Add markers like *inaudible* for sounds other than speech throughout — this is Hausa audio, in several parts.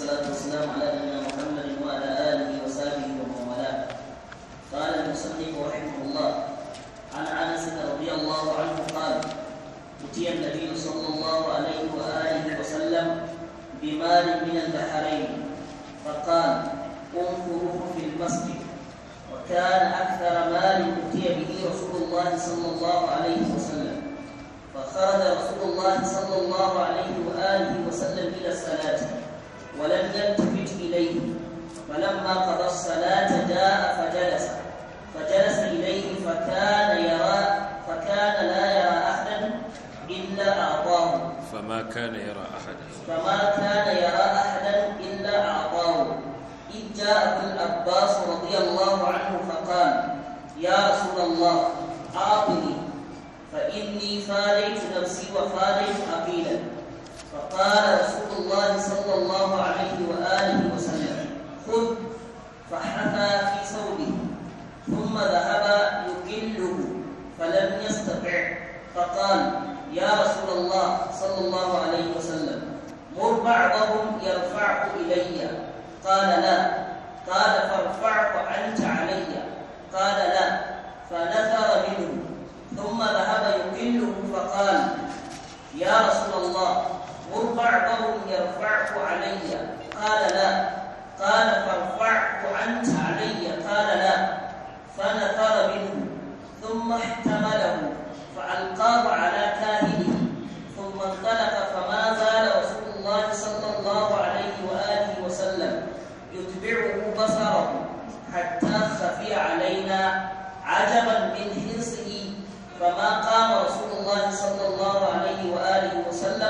والصلاة والسلام على نبينا محمد وعلى آله وصحبه ومن والاه. قال المصنف رحمه الله عن أنس رضي الله عنه قال: أتي النبي صلى الله عليه وآله وسلم بمال من البحرين فقال: انفروه في المسجد وكان أكثر مال أتي به رسول الله صلى الله عليه وسلم فخرج رسول الله صلى الله عليه وآله وسلم إلى الصلاة ولم يلتفت إليه فلما قضى الصلاة جاء فجلس فجلس إليه فكان يرى فكان لا يرى أحدا إلا أعطاه فما كان يرى أحدا فما كان يرى أحدا إلا أعطاه إذ جاء ابن عباس رضي الله عنه فقال يا رسول الله أعطني فإني فاريت نفسي وفاريت عقيلا قال رسول الله صلى الله عليه وآله وسلم خذ فحفى في ثوبه ثم ذهب يكله فلم يستطع فقال يا رسول الله صلى الله عليه وسلم مر بعضهم يرفعه إلي قال لا قال فارفعه أنت علي قال لا فنثر منه ثم ذهب يكله فقال يا رسول الله قل بعضهم يرفعه علي قال لا قال فارفعه أنت علي قال لا فنفر منه ثم احتمله فألقاه على كاهنه ثم انطلق فما زال رسول الله صلى الله عليه وآله وسلم يتبعه بصره حتى خفي علينا عجبا من حرصه فما قام رسول الله صلى الله عليه وآله وسلم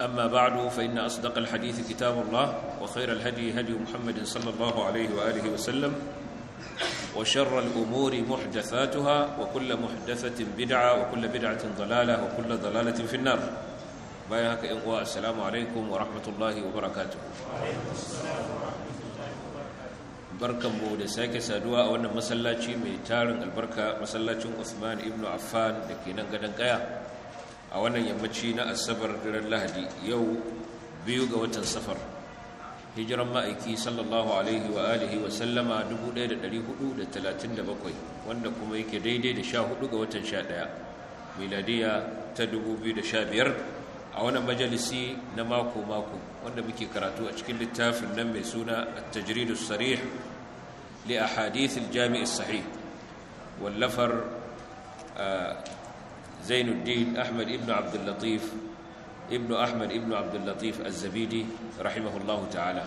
أما بعد فإن أصدق الحديث كتاب الله وخير الهدي هدي محمد صلى الله عليه وآله وسلم وشر الأمور محدثاتها وكل محدثة بدعة وكل بدعة ضلالة وكل ضلالة في النار بايهك إغواء السلام عليكم ورحمة الله وبركاته barkan mu da sake saduwa a wannan masallaci mai tarin albarka masallacin Usman ibn Affan da ke nan gadon kaya a wannan yammaci na asabar daren lahadi yau biyu ga watan safar hijiran ma'aiki sallallahu alaihi wa alihi wa sallama 1437 wanda kuma yake daidai da 14 ga watan 11 miladiya ta 2015 a wannan majalisi na mako-mako wanda muke karatu a cikin littafin nan mai suna a tajridu sarih li a hadithin jami sahih wallafar ah, zainuddin ahmad ibn abdullatif ibn ahmad ibn abdullatif az-zabidi rahimahullahu ta'ala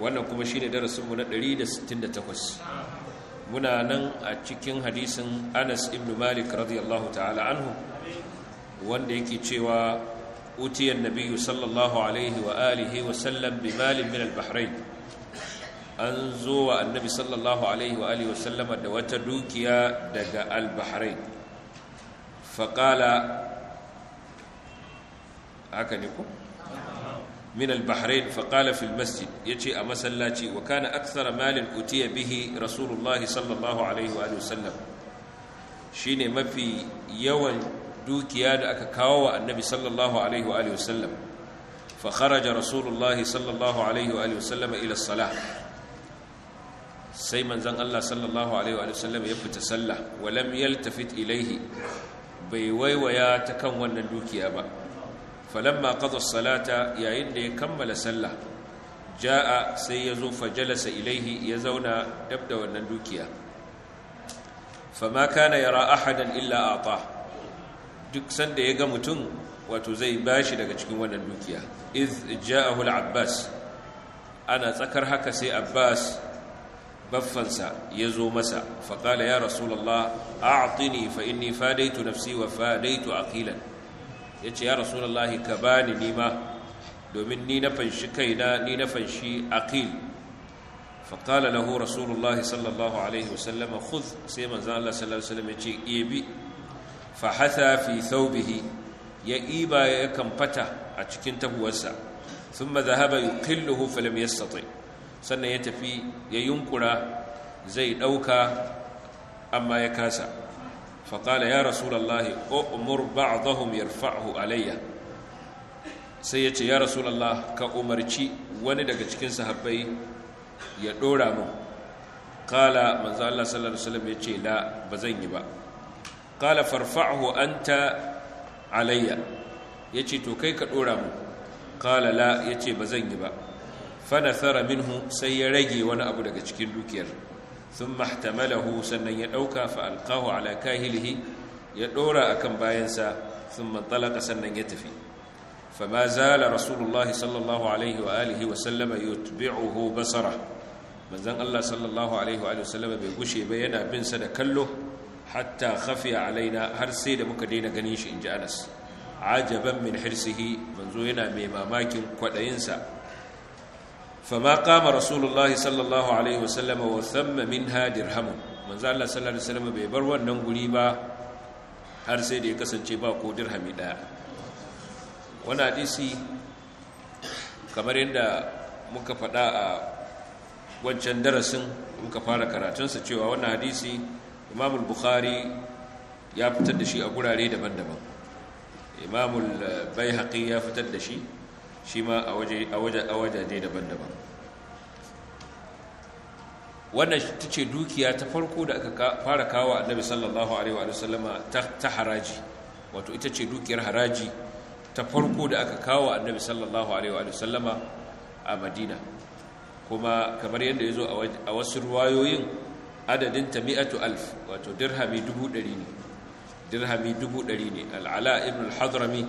wannan kuma shine darasinmu na 168 muna nan a cikin hadisin anas ibn malik radiyallahu ta'ala anhu wanda yake cewa utiyan nabiyyu sallallahu alaihi wa alihi wa sallam bi malin min al an zo wa annabi sallallahu alaihi wa alihi wa da wata dukiya daga albahrain. faƙala haka ne ku? min al-bahrain faƙala fil masjid ya ce a masallaci wa kana aksara malin utiya bihi rasulullah sallallahu alaihi wa sallam shi ne mafi yawan dukiya da aka kawo wa annabi sallallahu alaihi wa sallam fa kharaja rasulullah sallallahu alaihi wa sallam ila salah sai manzan Allah sallallahu alaihi wa sallam ya fita sallah wa lam yaltafit ilaihi bai waiwaya ta kan wannan dukiya ba falamma qada salata yayin da ya kammala sallah ja'a sai ya zo jalasa ilaihi ya zauna dab da wannan dukiya fama kana yara ahadan illa ata duk sanda ya ga mutum wato zai bashi daga cikin wannan dukiya iz ja'ahu al-abbas ana tsakar haka sai abbas baffansa ya zo masa faƙala ya rasulallah a'tini fa inni fadaitu nafsi wa fadaitu aqilan yace ya rasulallah ka bani nima domin ni na fanshi kaina ni na fanshi aqil faƙala lahu rasulullah sallallahu alaihi wasallam khudh sai manzo Allah sallallahu alaihi wasallam yace ibi e, fa hatha fi thawbihi ya iba ya kamfata a cikin tabuwarsa thumma dhahaba yuqilluhu falam yastati' sannan ya tafi ya yunkura zai ɗauka amma ya kasa faƙala ya rasulallah umar ba'adahum ya yarfa'hu alayya sai ya ce ya rasulallah ka umarci wani daga cikin sahabbai ya ɗora mu ƙala manzo Allah sallallahu alaihi wasallam ya ce la ba zan yi ba ƙala an ta alayya ya ce to kai ka ɗora mu ƙala la ya ce ba zan yi ba fanasara minhu sai ya rage wani abu daga cikin dukiyar sun mahtamalahu sannan ya ɗauka fa'alƙahu ala kahilihi ya ɗora a kan bayansa sun matsalaka sannan ya tafi fama zala rasulullahi sallallahu alaihi wa alihi wasallama yutbi'uhu basara manzan Allah sallallahu alaihi wa sallama bai gushe ba yana bin sa da kallo hatta khafiya alaina har sai da muka daina ganin shi in ji anas ajaban min hirsihi manzo yana mai mamakin kwaɗayinsa fama kama rasulullahi sallallahu alaihi wasallam wa thamma minha dirhamun manzo Allah sallallahu alaihi bai bar wannan guri ba har sai da ya kasance ba ko dirhami daya wani hadisi kamar yadda muka faɗa a wancan darasin muka fara karatunsa cewa wannan hadisi imamul bukhari ya fitar da shi a gurare daban-daban imamul bai ya fitar da shi shi ma a wajaje daban-daban wannan ta ce dukiya ta farko da aka fara kawo annabi sallallahu alaihi wa sallama ta haraji wato ita ce dukiyar haraji ta farko da aka kawo annabi sallallahu alaihi wa sallama a madina kuma kamar yadda ya zo a wasu ruwayoyin adadin ta mi'atu alf wato dirhami dubu ɗari ne dirhami dubu ɗari ne al'ala ibn al-hadrami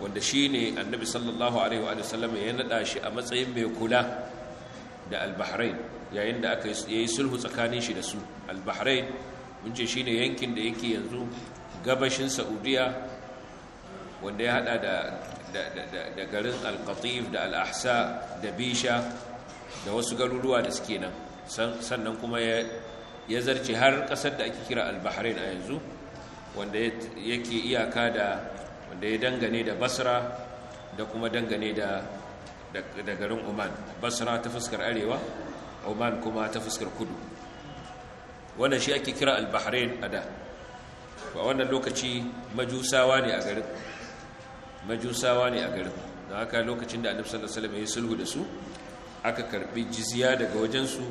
wanda shi ne annabi sallallahu alaihi wa sallam ya naɗa shi a matsayin mai kula da albahrain yayin da aka yi sulhu tsakanin shi da su albahrain mun ce shi ne yankin da yake yanzu gabashin saudiya wanda ya haɗa da garin alkatif da al'ahsa da bisha da wasu garuruwa da suke nan sannan kuma ya zarce har ƙasar da ake kira albahrain a yanzu wanda yake iyaka da wanda ya dangane da basra da kuma dangane da garin oman basra ta fuskar arewa oman kuma ta fuskar kudu wannan shi ake kira al-bahrain a da ba wannan lokaci majusawa ne a garin majusawa ne a garin da haka lokacin da annabi sallallahu alaihi wasallam ya sulhu da su aka karbi jizya daga wajensu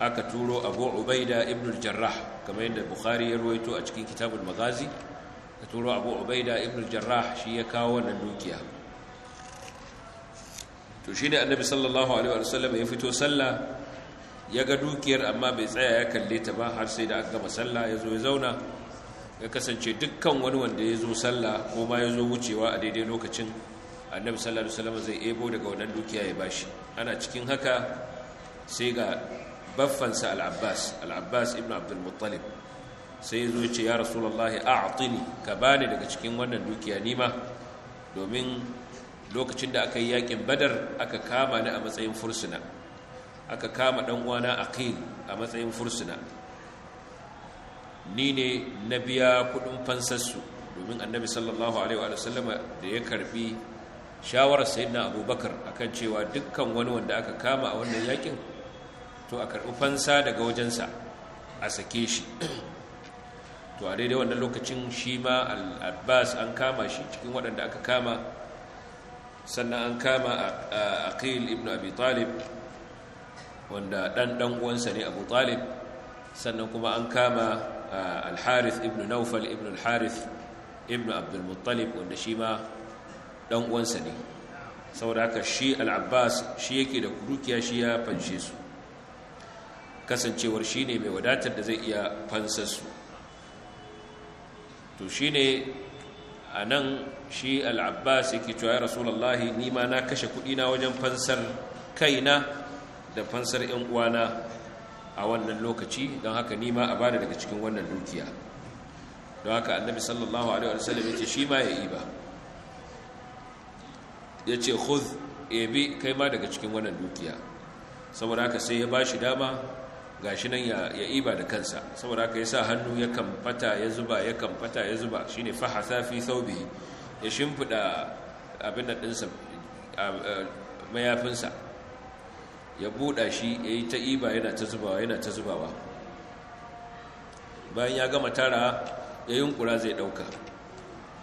aka turo abu ubaida ibn al-jarrah kamar yadda bukhari ya ruwaito a cikin kitabul magazi da turo abu ubaida ibn jarrah shi ya kawo wannan dukiya to shi ne annabi sallallahu alaihi wasallam ya fito sallah ya ga dukiyar amma bai tsaya ya kalle ta ba har sai da aka gama sallah ya zo ya zauna ya kasance dukkan wani wanda ya zo sallah ko ma ya zo wucewa a daidai lokacin annabi sallallahu alaihi wasallam zai ebo daga wannan dukiya ya bashi ana cikin haka sai ga baffansa al-abbas al-abbas ibn abdul muttalib sai zo ce ya a a'tini ka bani daga cikin wannan dukiya nima domin lokacin da aka yi yakin badar aka kama ni a matsayin fursuna aka kama dan uwana aqil a matsayin fursuna ni ne na biya kudin fansarsu domin annabi sallallahu alaihi wa sallama da ya karbi shawarar sayyidina abubakar akan cewa dukkan wani wanda aka kama a wannan yakin to a karbi fansa daga wajensa a sake shi to a daidai wannan lokacin shi ma al-abbas an kama shi cikin waɗanda aka kama sannan an kama aqil ibn abi talib wanda ɗan ɗan uwansa ne abu talib sannan kuma an kama al-harith ibn naufal ibn al-harith ibn abdul muttalib wanda shi ma ɗan uwansa ne saboda haka shi al-abbas shi yake da kurukiya shi ya fanshe su kasancewar shi ne mai wadatar da zai iya fansar su to ne a nan shi al'abbas yake cewa ya rasulallahi ni ma na kashe kudina wajen fansar kaina da fansar 'yan uwana a wannan lokaci don haka ni ma a bada daga cikin wannan dukiya don haka annabi sallallahu alaihi wasallam ya ce shi ma ya yi ba ya ce khudh ebi kai ma daga cikin wannan dukiya saboda haka sai ya ba shi dama gashi nan ya iba da kansa saboda haka yasa hannu ya kamfata ya zuba ya kamfata ya zuba shine fahasa fi saubi ya shimfida abin da dinsa mayafinsa ya buɗa shi ya yi ta iba yana ta zubawa yana ta zubawa bayan ya gama tara ya yunkura zai ɗauka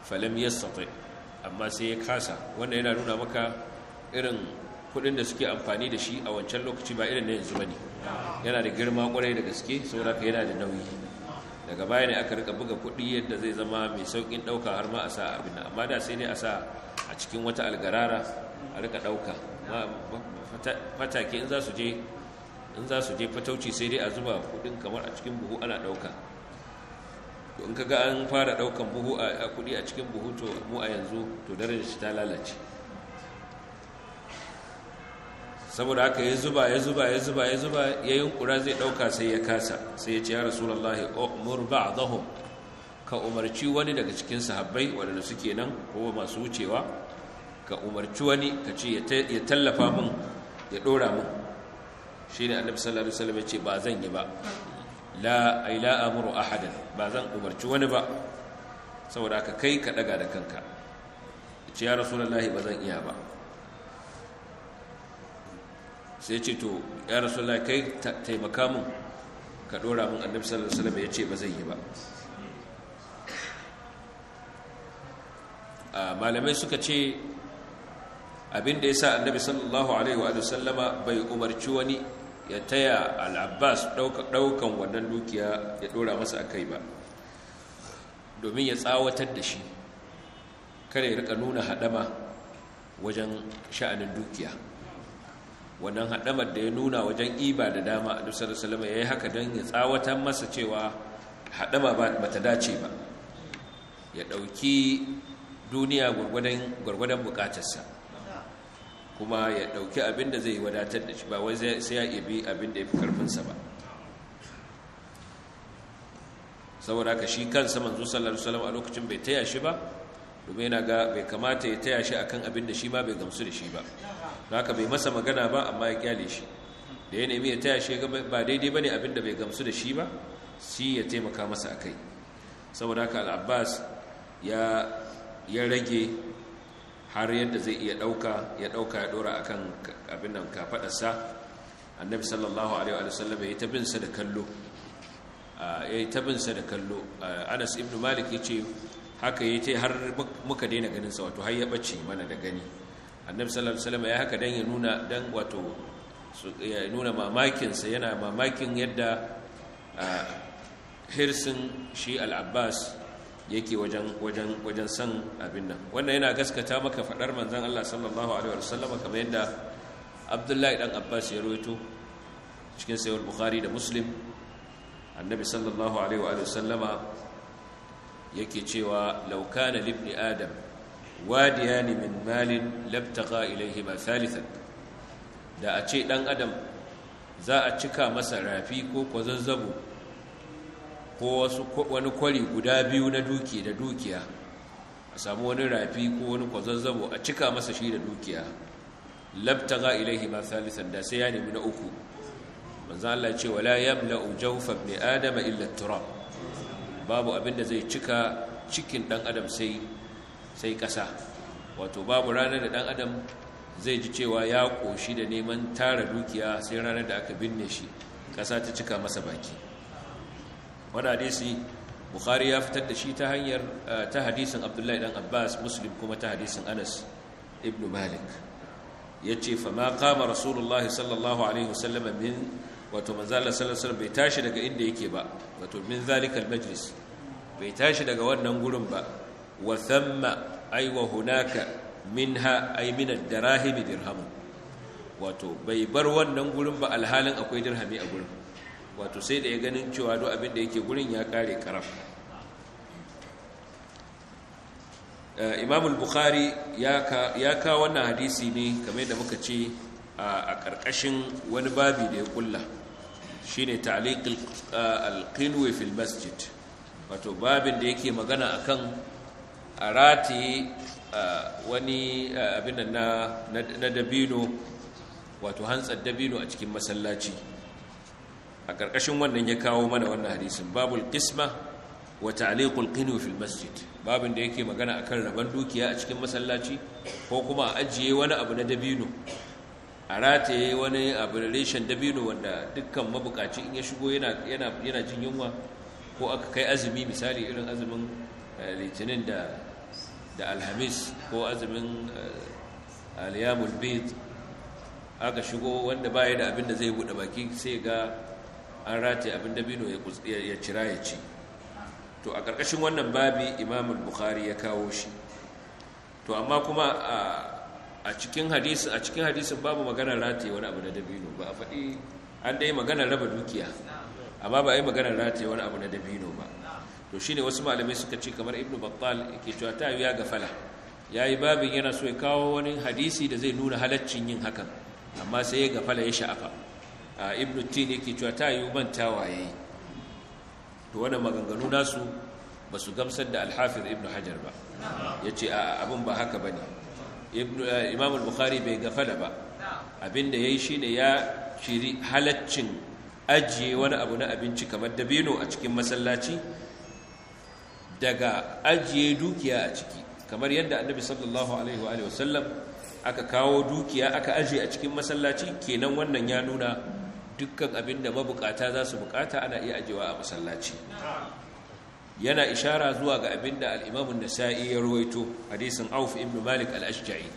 falam ya amma sai ya kasa wanda yana nuna maka irin kuɗin da suke amfani da shi a wancan lokaci ba irin na yanzu ba ne yana da girma kwarai da gaske saboda yana da nauyi daga baya ne aka rika buga kuɗi yadda zai zama mai saukin dauka har ma a sa abin nan amma da sai ne a sa a cikin wata algarara a rika ɗauka fatake in za su je in za su je fatauci sai dai a zuba kuɗin kamar a cikin buhu ana ɗauka to in kaga an fara daukan buhu a kuɗi a cikin buhu to mu a yanzu to darajar shi ta lalace saboda haka ya zuba ya zuba ya zuba ya zuba ya yunkura zai dauka sai ya kasa sai ya ce ya rasulullahi umur ba'dahum ka umarci wani daga cikin sahabbai wanda suke nan ko masu wucewa ka umarci wani ka ce ya tallafa min ya dora min ne annabi sallallahu alaihi wasallam ya ce ba zan yi ba la ay la amuru ahadan ba zan umarci wani ba saboda haka kai ka daga da kanka ya ce ya rasulullahi ba zan iya ba sai ce to ya rasulullah kai taimaka mun ka dora mun annabi sallallahu alaihi wasallam ya ce ba zai yi ba malamai suka ce abinda ya sa annabi sallallahu alaihi wa sallama bai umarci wani ya taya al'abbas ɗaukan wannan dukiya ya ɗora masa a kai ba domin ya tsawatar da shi kare rika nuna hadama wajen sha'anin dukiya wannan haɗamar da ya nuna wajen iba da dama a dusar salama ya yi haka don ya tsawatan masa cewa haɗama ba ta dace ba ya ɗauki duniya gwargwadon bukatarsa kuma ya ɗauki abin da zai wadatar da shi ba wai sai ya ibi abin da ya fi ƙarfinsa ba saboda ka shi kan saman sallallahu alaihi a lokacin bai taya shi ba domin yana ga bai kamata ya taya shi akan abin da shi ma bai gamsu da shi ba haka bai masa magana ba amma ya kyale shi da ya nemi ya taya shi ba daidai ba ne abin bai gamsu da shi ba shi ya taimaka masa a kai saboda haka al'abbas ya rage har yadda zai iya ɗauka ya ɗauka ya ɗora a kan abin nan kafaɗarsa annabi sallallahu alaihi wa sallam ya yi ta da kallo ya yi da kallo anas ibn malik ya ce haka ya yi ta har muka daina ganin sa wato har ya ɓace mana da gani annabi sallallahu alaihi wasallam ya haka dan ya nuna dan wato ya nuna mamakin sa yana mamakin yadda hirsin shi al-Abbas yake wajen wajen wajen san abin nan wannan yana gaskata maka fadar manzon Allah sallallahu alaihi wasallam kamar yadda Abdullahi dan Abbas ya rawaito cikin sahih Bukhari da Muslim annabi sallallahu alaihi wa sallama yake cewa law kana libni adam wadiyani min malin ilaihi ilaihima salisan da a ce dan adam za a cika masa rafi ko kwazazzabu ko wasu wani kwari guda biyu na duki da dukiya a samu wani rafi ko wani kwazazzabu a cika masa shi da dukiya ilaihi ilaihima salisan da sai ya nemi na uku manzan Allah ce wala yamla'u jawfa ibn adama illa turab babu abinda zai cika cikin dan adam sai sai ƙasa wato babu ranar da ɗan adam zai ji cewa ya ƙoshi da neman tara dukiya sai ranar da aka binne shi ƙasa ta cika masa baki wani hadisi bukhari ya fitar da shi ta hanyar eh, ta hadisin abdullahi dan abbas muslim kuma ta hadisin anas ibn malik ya ce fama kama rasulullah sallallahu alaihi wasallam min wato manzala sallallahu bai tashi daga inda yake ba wato min zalikal majlis bai tashi daga wannan gurin ba wa thamma ai wa hunaka minha ai min ad-darahim wato bai bar wannan gurin ba alhalin akwai dirhami a gurin wato sai da ya ganin cewa duk abin da yake gurin ya kare karam eh, imam bukhari ya kawo wannan hadisi ne kamar da muka ce a ƙarƙashin wani babi da ya kulla shi ne ta'aliƙ eh, alƙinwe fil masjid wato babin da yake magana akan a rataye wani abin na dabino wato hantsar dabino a cikin masallaci a ƙarƙashin wannan ya kawo mana wannan hadisin babul qisma wa ta'liqul qinu fil masjid babin da yake magana akan raban dukiya a cikin masallaci ko kuma a ajiye wani abu na dabino a rataye wani abu reshen dabino wanda dukkan mabukaci in ya shigo yana jin yunwa ko aka kai azumi misali irin azumin eh, litinin da da alhamis ko azumin eh, aliyamul bid aka shigo wanda baya da abin da zai buɗe baki sai ga an rataye abin da bino ya cira ya ci to a ƙarƙashin wannan babi imamul bukhari ya kawo shi to amma kuma a cikin hadisin a cikin hadisin babu magana rataye wani abu na dabino ba a faɗi an dai magana raba dukiya amma ba a yi magana rataye wani abu na dabino ba to shine wasu malamai suka ce kamar ibnu battal yake cewa ta ya gafala yayi babin yana so ya kawo wani hadisi da zai nuna halaccin yin hakan amma sai ya gafala ya sha'afa ibnu tin yake cewa ta yi mantawa waye. to wannan maganganu nasu ba su gamsar da alhafiz ibnu hajar ba ce a abin ba haka bane ibnu imam al-bukhari bai gafala ba abinda yayi shine ya shiri halaccin ajiye wani abu na abinci kamar dabino a cikin masallaci daga ajiye dukiya a ciki kamar yadda annabi sallallahu alaihi wa sallam aka kawo dukiya aka ajiye a cikin masallaci kenan wannan ya nuna dukkan abin da mabukata za su bukata ana iya ajiyewa a masallaci yana ishara zuwa ga abin da al'imamun nasa'i ya ruwaito hadisun auf ibn malik al'ashja'i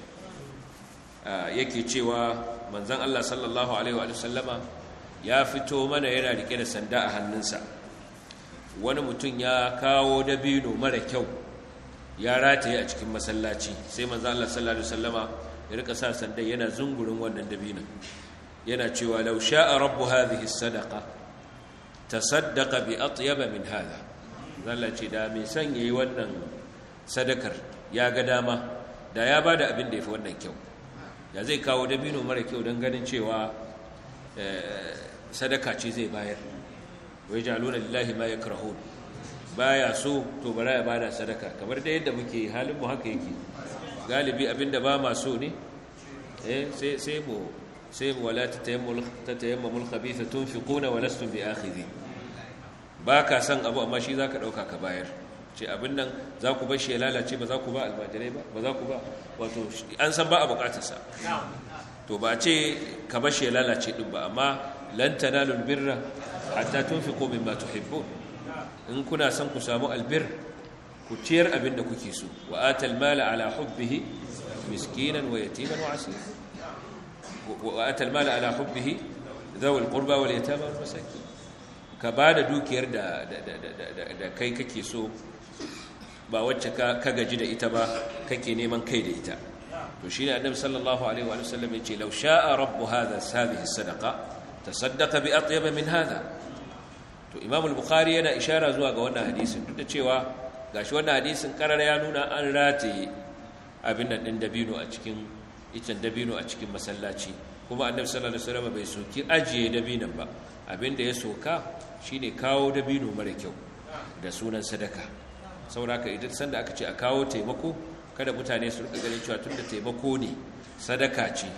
yake cewa manzan allah sallallahu alaihi wa sallama ya fito mana yana rike da sanda a hannunsa wani mutum ya kawo dabino mara kyau ya rataye a cikin masallaci sai maza Allah sallallahu alaihi wasallama ya rika sa sandan yana zungurin wannan dabinan yana cewa law sha'a rabbu hadhihi sadaqa tasaddaqa bi atyaba min hadha Allah ce da mai son yayi wannan sadakar ya ga dama da ya bada abin da yafi wannan kyau da zai kawo dabino mara kyau don ganin cewa eh, sadaka ce zai bayar wa yaj'aluna lillahi ma yakrahun baya so to bara ya bada sadaka kamar da yadda muke halin mu haka yake galibi abinda ba ma so ne eh sai sai mu sai mu wala tatayammul tatayammul khabitha tunfiquna wa lastum bi akhidhi baka san abu amma shi zaka dauka ka bayar ce abin nan za ku bar shi ya lalace ba za ku ba almajirai ba ba za ku ba wato an san ba a bukatarsa to ba ce ka bar shi ya lalace din ba amma lantana tanalul hatta tunfiqu mimma tuhibbun in kuna san ku samu albir ku ciyar abin da kuke so wa atal mala ala hubbihi miskinan wa yatiman wa asir wa atal mala ala hubbihi zawal qurba wal yatama wal masakin ka bada da dukiyar da kai kake so ba wacce ka gaji da ita ba kake neman kai da ita to annabi sallallahu alaihi wa sallam ya sha'a rabbu hadha sadaqa tasaddaqa bi atyab min hadha to imam al-bukhari yana ishara zuwa ga wannan hadisin duk da cewa gashi wannan hadisin karara ya nuna an rataye abin nan din dabino a cikin icen dabino a cikin masallaci kuma annabi sallallahu alaihi wasallam bai soki ajiye dabino ba abin da ya soka shine kawo dabino mara kyau da sunan sadaka saboda haka idan sanda aka ce a kawo taimako kada mutane su rika ganin cewa tunda taimako ne sadaka ce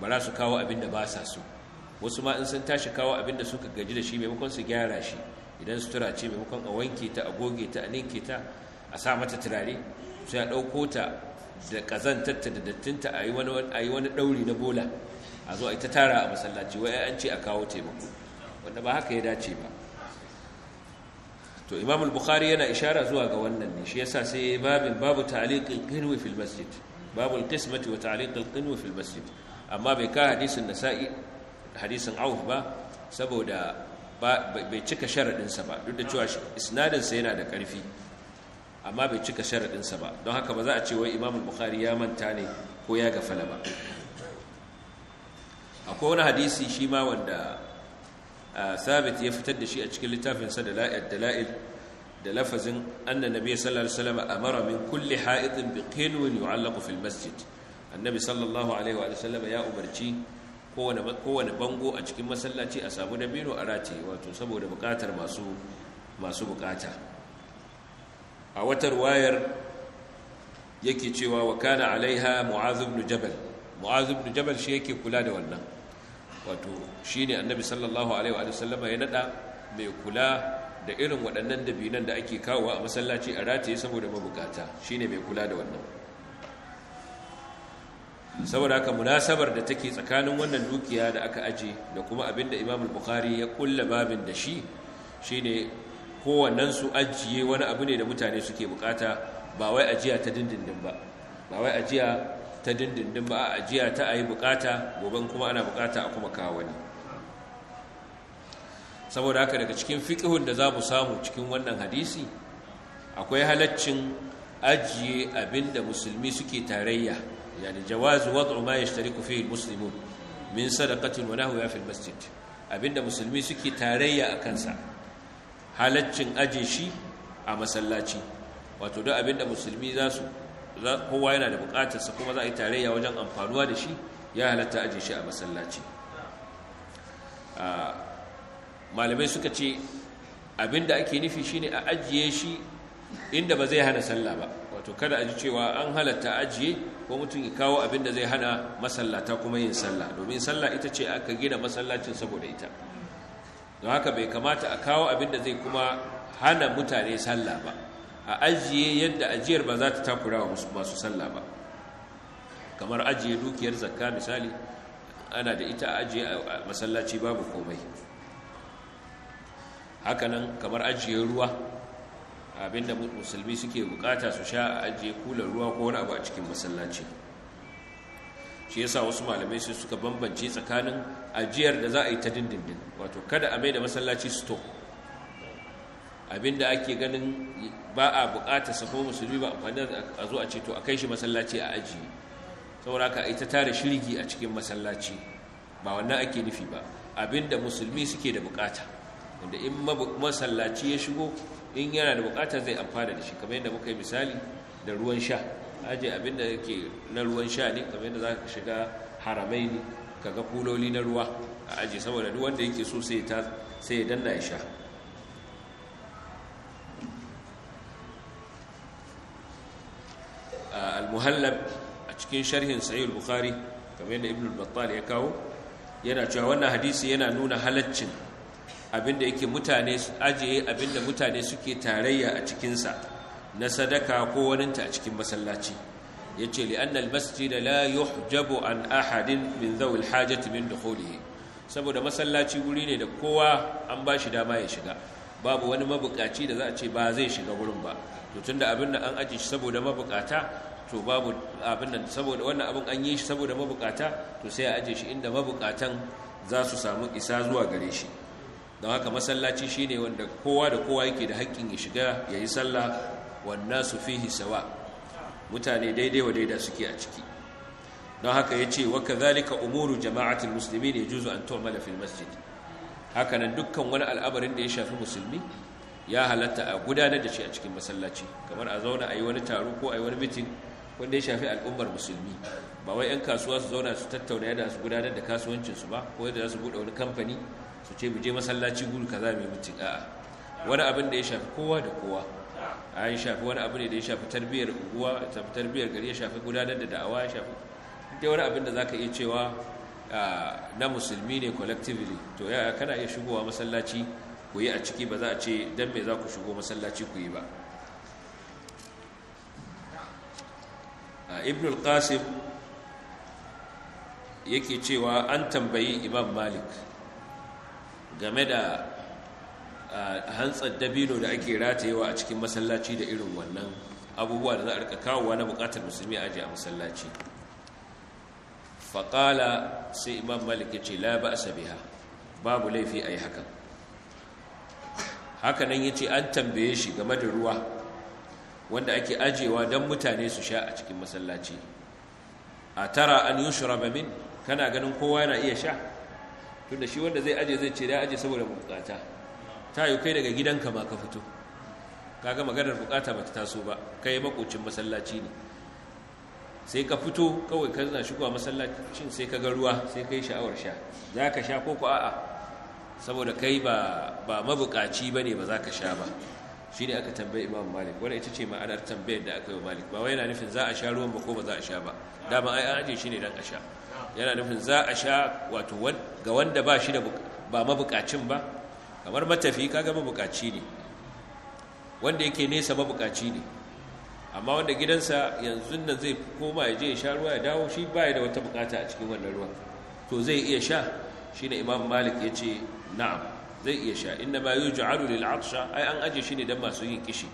ba za su kawo abin da ba sa so wasu ma in sun tashi kawo abin da suka gaji da shi maimakon su gyara shi idan sutura ce maimakon a wanke ta a goge ta a ninke ta a sa mata turare sai a ɗauko ta da ƙazantarta da dattinta a yi wani ɗauri na bola a zo a ta tara a masallaci wai an ce a kawo taimako wanda ba haka ya dace ba to imamul bukhari yana ishara zuwa ga wannan ne shi yasa sai babin babu ta'liqil qinwi fil masjid babu qismati wa ta'liqil qinwi fil masjid amma bai ka hadisin nasa'i hadisin auf ba saboda bai cika sharaɗinsa ba duk da cewa isnadinsa yana da ƙarfi amma bai cika sharaɗinsa ba don haka ba za a ce wai imamul bukhari ya manta ne ko ya gafala ba akwai wani hadisi shi ma wanda sabit ya fitar da shi a cikin littafinsa da dala'il da lafazin anna nabi sallallahu amara min kulli ha'idin bi qinwin yu'allaqu fil masjid annabi sallallahu alaihi wa sallam ya umarci kowane bango a cikin masallaci a samu da biro a rati wato saboda bukatar masu bukata a watar wayar yake cewa wa kana alaiha mu'az ibn jabal mu'az ibn jabal shi yake kula da wannan wato shi ne annabi sallallahu alaihi wa sallama ya nada mai kula da irin waɗannan dabinan da ake kawo a masallaci a rataye saboda mabukata ne mai kula da wannan saboda haka munasabar da take tsakanin wannan dukiya da aka aje da kuma abin da imamul bukhari ya kulla babin da shi shine kowannen su ajiye wani abu ne da mutane suke bukata ba wai ajiya ta dindindin ba ba wai ajiya ta dindindin ba ajiya ta ayi bukata goben kuma ana bukata a kuma kawo wani saboda haka daga cikin fiqhun da za mu samu cikin wannan hadisi akwai halaccin ajiye abin da musulmi suke tarayya يعني جواز وضع ما يشترك فيه المسلمون من صدقة ونهوها في المسجد abinda musulmi suke tarayya a kansa halaccin aje shi a masallaci wato duk abinda musulmi za su kowa yana da bukatarsa kuma za a yi tarayya wajen amfanuwa da shi ya halatta aje shi a masallaci malamai suka ce abinda ake nufi shine a ajiye shi inda ba zai hana sallah ba wato kada a ji cewa an halatta ajiye ko mutum ya kawo abin da zai hana masallata kuma yin sallah domin sallah ita ce aka gina masallacin saboda ita don haka bai kamata a kawo abin da zai kuma hana mutane sallah ba a ajiye yadda ajiyar ba za ta takura wa masu sallah ba kamar ajiye dukiyar zakka misali ana da ita ajiye a masallaci babu komai hakanan kamar ajiye ruwa abinda musulmi suke bukata su sha a ajiye kulan ruwa ko wani abu a cikin masallaci shi yasa wasu malamai sai suka bambance tsakanin ajiyar da za a yi ta dindindin wato kada a mai da masallaci sto abinda ake ganin ba a bukata sa ko musulmi ba amfani a zo a ce to a kai shi masallaci a ajiye saboda ka ita tare shirgi a cikin masallaci ba wannan ake nufi ba abinda musulmi suke da bukata wanda in masallaci ya shigo in yana da bukata zai amfana da shi kamar yadda muka yi misali da ruwan sha aje abin da yake na ruwan sha ne kamar yadda za ka shiga haramai ne ka ga kuloli na ruwa a aje saboda duk wanda yake so sai ya danna ya sha al-muhallab a cikin sharhin sahih bukhari kamar yadda ibn al-battal ya kawo yana cewa wannan hadisi yana nuna halaccin abinda yake mutane ajiye abinda mutane suke tarayya a cikinsa na sadaka ko waninta a cikin masallaci ya ce li'annal masjid la yuhjabu an ahadin min zawil hajati min dukhulihi saboda masallaci wuri ne da kowa an ba shi dama ya shiga babu wani mabukaci da za a ce ba zai shiga wurin ba to tunda abin da an ajiye shi saboda mabukata to babu abin nan saboda wannan abin an yi shi saboda mabukata to sai a aje shi inda mabukatan za su samu isa zuwa gare shi don haka masallaci shi ne wanda kowa da kowa yake da haƙƙin ya shiga ya yi sallah wannan su fi hisawa mutane daidai wa daidai suke a ciki don haka ya ce waka zalika umuru jama'atul musulmi ne juzu an tu'mala fil masjid haka nan dukkan wani al'amarin da ya shafi musulmi ya halatta a gudanar da shi a cikin masallaci kamar a zauna a yi wani taro ko a yi wani mitin wanda ya shafi al'ummar musulmi ba wai 'yan kasuwa su zauna su tattauna yadda su gudanar da kasuwancinsu ba ko yadda za su buɗe wani kamfani ce mu je masallaci gudu kaza mu yi mutum a'a wani abin da ya shafi kowa da kowa a ya shafi wani abu ne da ya shafi tarbiyyar unguwa tarbiyyar gari ya shafi gudanar da da'awa ya shafi da wani abin da za ka iya cewa na musulmi ne collectively to ya kana iya shigowa masallaci ku yi a ciki ba za a ce dan me za ku shigo masallaci ku yi ba ibn al-qasim yake cewa an tambayi imam malik game da hantsar dabino da ake ratayewa a cikin masallaci da irin wannan abubuwa da za a rika kawowa na bukatar musulmi aje a masallaci faƙala sai imam malik ya ce la ba a sabiha babu laifi a yi hakan hakanan ya ce an tambaye shi game da ruwa wanda ake ajewa don mutane su sha a cikin masallaci a tara an yi min kana ganin kowa yana iya sha tunda shi wanda zai aje zai ce da aje saboda bukata ta yi kai daga gidanka ma ka fito kaga maganar bukata ta taso ba kai makocin masallaci ne sai ka fito kawai ka zana shigowa masallacin sai ka ga ruwa sai kai sha'awar sha za ka sha ko ku a'a saboda kai ba ba ne ba za ka sha ba shi ne aka tambayi imam malik wadda ita ce ma'anar tambayar da aka yi wa malik ba wai yana nufin za a sha ruwan ba ko ba za a sha ba dama ai an aje shi ne dan a sha yana nufin za a sha wato ga wanda ba shi da ba mabukacin ba kamar matafi kaga mabukaci ne wanda yake nesa mabukaci ne amma wanda gidansa yanzu nan zai koma ya je ya sha ruwa ya dawo shi baya da wata bukata a cikin wannan ruwan to zai iya sha shi ne imam malik ya ce na'am zai iya sha inda ma ju'aru lil atsha ai an aje shi ne dan masu yin kishi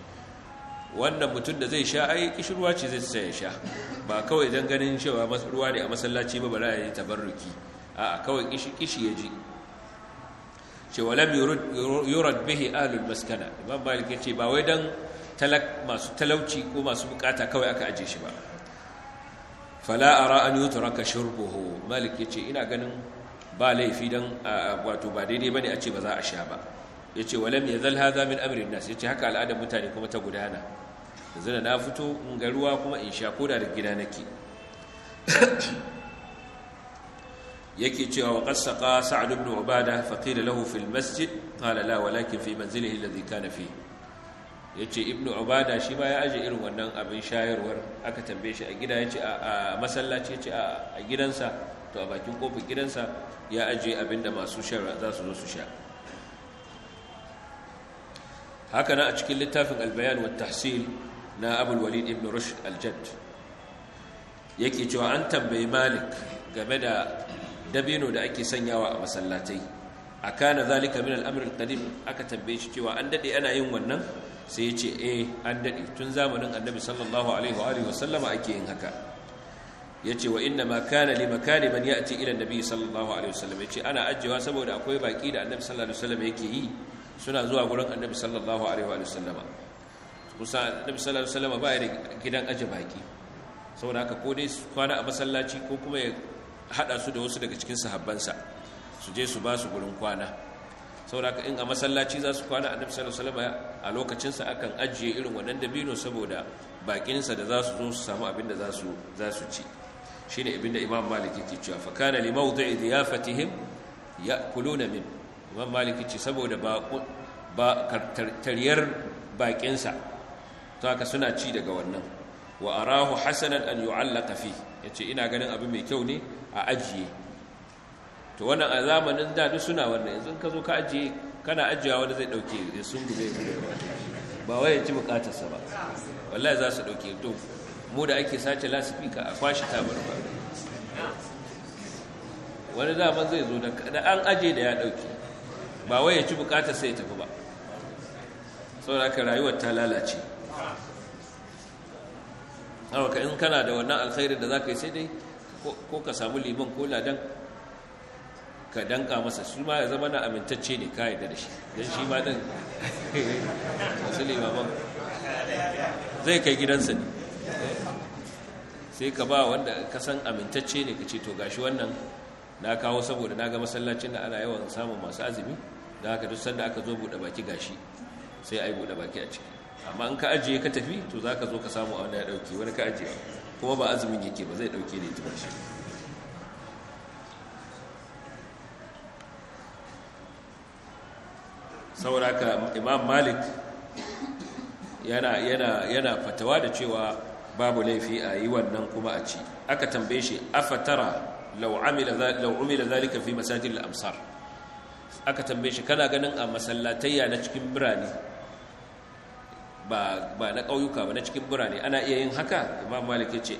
wannan mutum da zai sha ai kishi ruwa ce zai ya sha ba kawai don ganin cewa ruwa ne a masallaci ba bala ya yi tabarruki a kawai kishi ya ji cewa lam yurad bihi alul maskana imam malik ya ce ba wai don masu talauci ko masu bukata kawai aka aje shi ba fala ara an turaka shurbuhu malik ya ce ina ganin ba laifi don wato ba daidai ba ne a ce ba za a sha ba ya ce walam ya zalha haza min nasu ya ce haka al'adar mutane kuma ta gudana yanzu da na fito in ga ruwa kuma in sha koda da gida nake yake cewa wa qassaqa sa'd ibn ubada faqila lahu fil masjid qala la walakin fi manzilihi alladhi kana fi yace ibn ubada shi ba ya aje irin wannan abin shayarwar aka tambaye shi a gida yace a masallaci yace a gidansa to a bakin kofin gidansa ya aje abin da masu shara za su zo su sha haka na a cikin littafin albayan wa tahsil na abul walid ibn rushd Aljad jadd yake cewa an tambayi malik game da dabino da ake sanyawa a masallatai a kana zalika min Al'amur amr qadim aka tambaye shi cewa an dade ana yin wannan sai ya ce eh an dade tun zamanin annabi sallallahu alaihi wa alihi wasallama ake yin haka yace wa inna ma kana li makani man ya'ti ila annabi sallallahu alaihi wasallam yace ana ajjewa saboda akwai baki da annabi sallallahu alaihi wasallam yake yi suna zuwa gurin annabi sallallahu alaihi wa sallama kusa nabi sallallahu alaihi wasallam ba ya da gidan aje baki saboda haka ko dai kwana a masallaci ko kuma ya hada su da wasu daga cikin sahabbansa su je su ba su gurin kwana saboda haka in a masallaci za su kwana annabi sallallahu alaihi wasallam a lokacinsa akan ajiye irin wannan dabino saboda bakinsa da za su zo su samu abin da za su za su ci shine abin da imam malik yake cewa fa kana li mawdi'i diyafatihim ya'kuluna min imam malik yace saboda ba ba tariyar bakinsa to haka suna ci daga wannan wa arahu hasanan an yu'allaqa fi yace ina ganin abu mai kyau ne a ajiye to wannan a zamanin da duk suna wannan yanzu ka zo ka ajiye kana ajiyawa wanda zai dauke ya sungume ba wai ya ci sa ba wallahi za su dauke to mu da ake sace lasifika a kwashi tabar ba wani zaman zai zo da an aje da ya dauke ba wai ya ci bukatar sai ya tafi ba saboda ka rayuwar ta lalace ka in kana da wannan alkhairin da za ka yi sai dai ko ka samu liman ko ladan ka danka masa shi ma ya zama na amintacce ne ka yadda da shi don shi ma limaman zai kai gidansa ne sai ka ba wanda ka san amintacce ne ka ce to gashi wannan na kawo saboda na ga masallacin da ana yawan samun masu azumi da haka duk sanda aka zo buɗe baki gashi sai a yi buɗe baki a ciki amma in ka ajiye ka tafi to za ka zo ka samu a wani ya dauki wani ka ajiye kuma ba azumin yake ba zai ɗauke da tuba shi saboda imam malik yana fatawa da cewa babu laifi a yi wannan kuma a ci aka tambaye shi a fatara amila da zalika fi masajin amsar aka tambaye shi kana ganin a masallatayya na cikin birane ba na ƙauyuka ba na cikin birane ana iya yin haka imam malik ya ce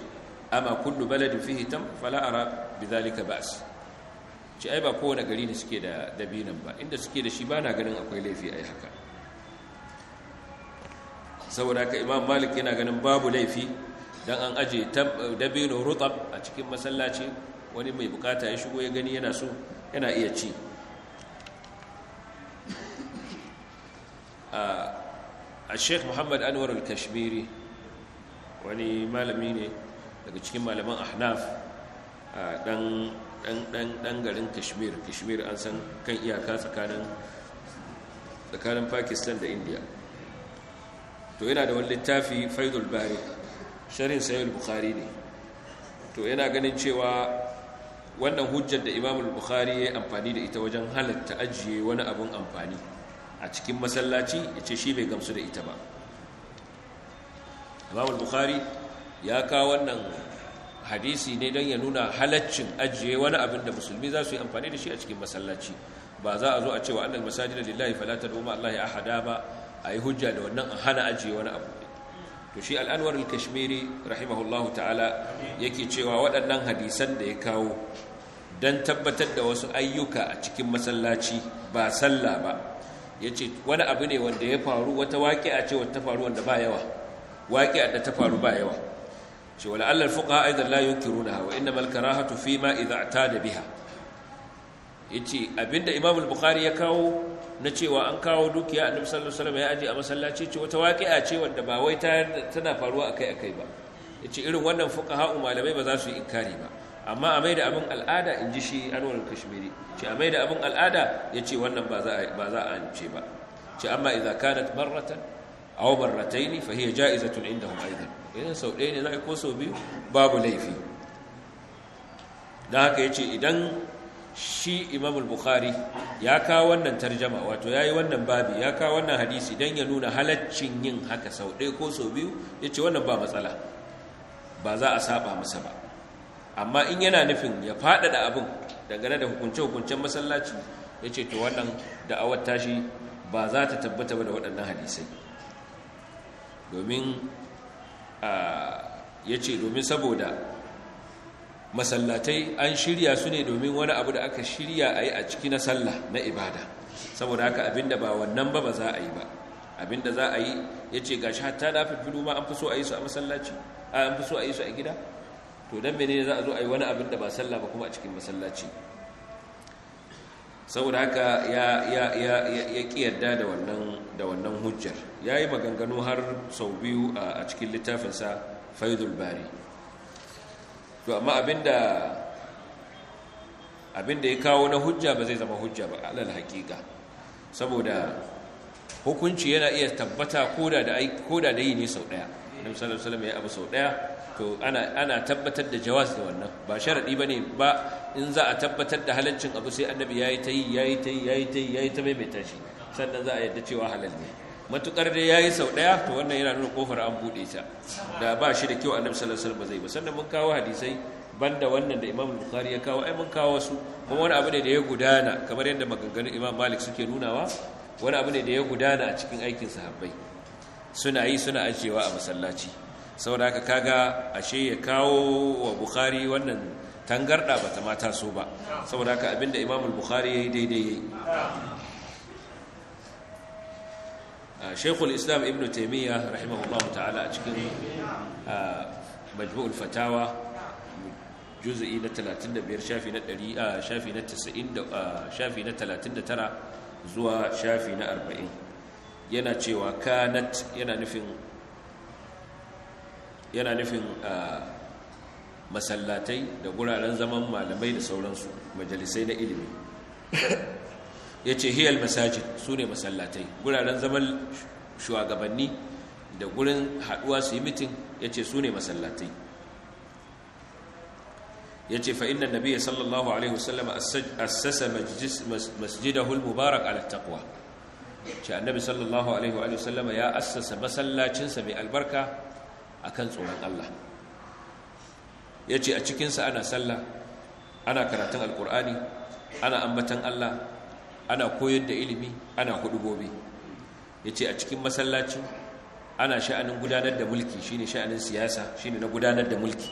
amma kullu baladin fihi tam fala ara bidhalika ba's ce ai ba kowane gari ne suke da dabinan ba inda suke da shi ba na ganin akwai laifi ai haka saboda ka imam malik yana ganin babu laifi dan an aje dabino rutab a cikin masallaci wani mai bukata ya shigo ya gani yana so yana iya ci a ah, a sheikh muhammad anwar al-kashmiri wani malami ne daga cikin malaman ahnaf dan garin kashmir kashmir an san kan iyaka tsakanin pakistan da india to yana da wani littafi faidul bari sharin sayar bukhari ne to yana ganin cewa wannan hujjar da imamul bukhari ya amfani da ita wajen halatta ajiye wani abin amfani a cikin masallaci ya ce shi bai gamsu da ita ba imamul bukhari ya kawo wannan hadisi ne don ya nuna halaccin ajiye wani abin da musulmi za su yi amfani da shi a cikin masallaci ba za a zo a cewa annal masajida lillahi fala tad'u ma allahi ahada ba ayi hujja da wannan an hana ajiye wani abu to shi al-anwar al-kashmiri rahimahullahu ta'ala yake cewa waɗannan hadisan da ya kawo dan tabbatar da wasu ayyuka a cikin masallaci ba sallah ba ya ce wani abu ne wanda ya faru wata a ce wata faru wanda ba yawa a da ta faru ba yawa ce wala allal fuqaha aidan la yunkiruna wa innamal karahatu fi ma idza atada biha yace abinda imam al-bukhari ya kawo na cewa an kawo dukiya annabi sallallahu alaihi wasallam ya aje a masallaci ce wata a ce wanda ba wai tana faruwa akai akai ba yace irin wannan ha'u malamai ba za su yi inkari ba amma a mai da abin al'ada in ji shi anwar kashmiri ce a mai da abin al'ada ya ce wannan ba za a ce ba ce amma idza kanat marratan aw marrataini fa hiya ja'izatun indahum aidan idan sau ɗaya ne za a ko sau biyu babu laifi dan haka yace idan shi imamul al-bukhari ya kawo wannan tarjama wato ya yi wannan babi ya kawo wannan hadisi don ya nuna halaccin yin haka sau ɗaya ko sau biyu yace wannan ba matsala ba za a saba masa ba amma in yana nufin ya faɗaɗa abin dangane da hukunce-hukuncen masallaci ya ce to wannan da'awar tashi ba za ta tabbata ba da waɗannan hadisai domin ya ce domin saboda masallatai an shirya su ne domin wani abu da aka shirya a yi a ciki na sallah na ibada saboda haka abinda ba wannan ba ba za a yi ba abinda za a yi ya ce gashi hatta na fi ma an fi so a yi su a masallaci an fi so a yi su a gida to dan za a zo a yi wani abin da ba sallah ba kuma a cikin masallaci saboda haka ya ya ya ya kiyarda da wannan da wannan hujjar yayi maganganu har sau biyu a cikin littafinsa faidul bari to amma abinda abinda ya kawo na hujja ba zai zama hujja ba alal haqiqa saboda hukunci yana iya tabbata koda da koda da yi ne sau daya annabi sallallahu alaihi wasallam ya abu sau daya to ana tabbatar da jawaz da wannan ba sharadi bane ba in za a tabbatar da halaccin abu sai annabi yayi ta yi yayi ta yi yayi ta yi yayi ta maimaita shi sannan za a yadda cewa halal ne matukar da yayi sau ɗaya to wannan yana nuna kofar an buɗe ta da ba shi da kyau annabi sallallahu alaihi wasallam zai ba sannan mun kawo hadisai banda wannan da Imam Bukhari ya kawo ai mun kawo su kuma wani abu ne da ya gudana kamar yadda maganganun Imam Malik suke nunawa wani abu ne da ya gudana a cikin aikin sahabbai suna yi suna ajiyewa a masallaci saboda haka kaga ashe ya kawo wa bukhari wannan tangarda ba ta mata so ba saboda haka abinda imamul bukhari ya yi daidai ya yi ah, shekul islam ibn taimiyya rahimahullahu ta'ala a cikin ah, majmu'ul fatawa juzu'i na 35 shafi na 100 ah, shafi na 90 shafi na 39 zuwa shafi na 40 yana cewa kanat yana nufin yana nufin masallatai da guraren zaman malamai da sauransu majalisai na ilimi *laughs* ya ce hiyar masajin su ne masallatai guraren zaman shugabanni da gurin haduwa su yi mitin ya ce su ne masallatai ya ce fa'inan nabi sallallahu alaihi wasallama assasa masjidahul mubarak ala taqwa ce annabi sallallahu alaihi wasallama ya assasa masallacinsa mai albarka a kan tsoron Allah ya ce a cikinsa ana sallah ana karatun alkur'ani ana ambatan Allah ana koyar da ilimi ana gobe. ya ce a cikin masallaci ana sha'anin gudanar da mulki shine sha'anin siyasa shine na gudanar da mulki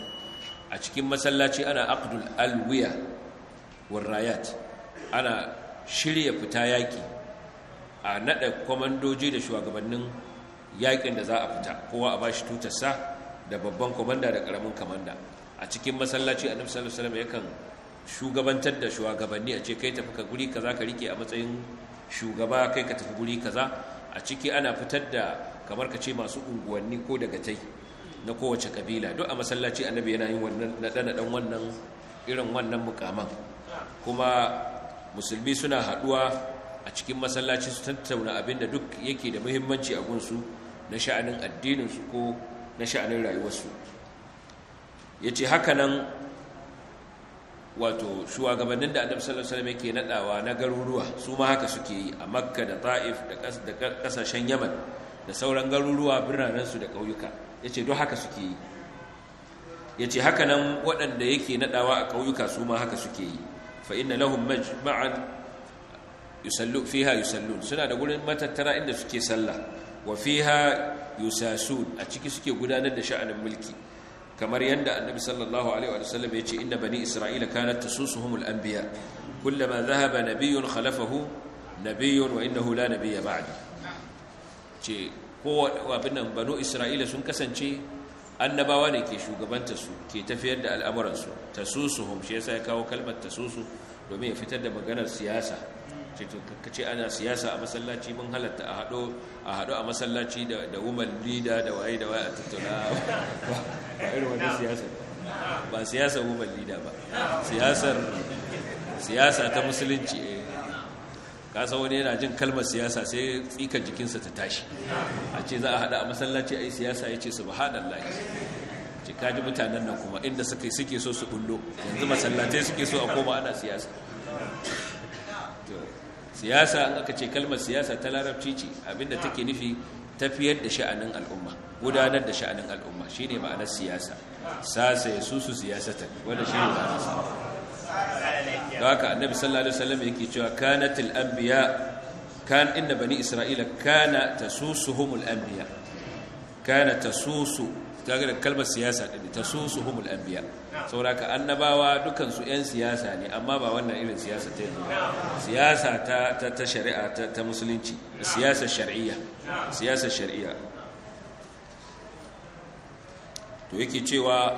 a cikin masallaci ana aqdul alwiya war rayat ana shirya fita yaki a naɗa kwamandoji da shugabannin yakin da za a fita kowa a bashi tutarsa da babban kwamanda da karamin kwamanda a cikin masallaci a sallallahu salama yakan shugabantar da shugabanni a ce kai tafi ka guri kaza ka rike a matsayin shugaba kai ka tafi guri kaza a ciki ana fitar da kamar ka ce masu unguwanni ko tai na kowace kabila duk a masallaci annabi yana yin wannan wannan irin wannan mukaman kuma musulmi suna haɗuwa a cikin masallaci su tattauna abin da duk yake da muhimmanci a gunsu na sha'anin addininsu ko na sha'anin rayuwarsu ya ce hakanan wato shugabannin da adam salam alaihi yake nadawa na garuruwa su ma haka suke yi a makka da ta'if da kasashen yaman da sauran garuruwa biranensu da ƙauyuka ya ce duk haka suke yi ya ce hakanan waɗanda yake nadawa a ƙauyuka su ma haka suke yi fa inna lahum majma'an yusallu fiha yusallun suna da gurin matattara inda suke sallah Wafiha Yusasu yusasun a ciki suke gudanar da sha'anin mulki kamar yadda annabi sallallahu alaihi wa sallam ya ce inna bani isra'ila kanat tasusuhumul anbiya kullama dhahaba nabiyyun khalafahu nabiyyun wa innahu la nabiyya ba'da ce ko abin banu isra'ila sun kasance annabawa ne ke shugabanta su ke tafiyar da al'amuran su tasusuhum shi yasa ya kawo kalmar tasusu domin ya fitar da maganar siyasa ka ce ana siyasa a masallaci mun halatta a hado a hado a masallaci da woman leader da waye da waye a tattauna ba irin wani siyasa ba siyasa woman leader ba siyasar siyasa ta musulunci eh san wani yana jin kalmar siyasa sai tsika jikinsa ta tashi a ce za a hada a masallaci a yi siyasa ya ce su ba haɗar lafi ce kaji mutanen nan kuma inda suke so su bullo yanzu masallatai suke so a koma ana siyasa siyasa an aka ce kalmar siyasa ta larabci ce abinda take nufi tafiyar da sha'anin al'umma gudanar da sha'anin al'umma shine ma'anar siyasa sasa ya susu siyasata wanda shi shine ma'anarsa da haka annabi sallallahu alaihi wasallam yake cewa kanatil anbiya kan inda bani isra'ila kana tasusuhumul anbiya kana tasusu kaga kalmar siyasa din tasusuhumul anbiya ka annabawa dukansu 'yan siyasa ne amma ba wannan irin siyasa ta yanzu siyasa ta shari'a ta musulunci siyasa shari'a siyasa shari'a to yake cewa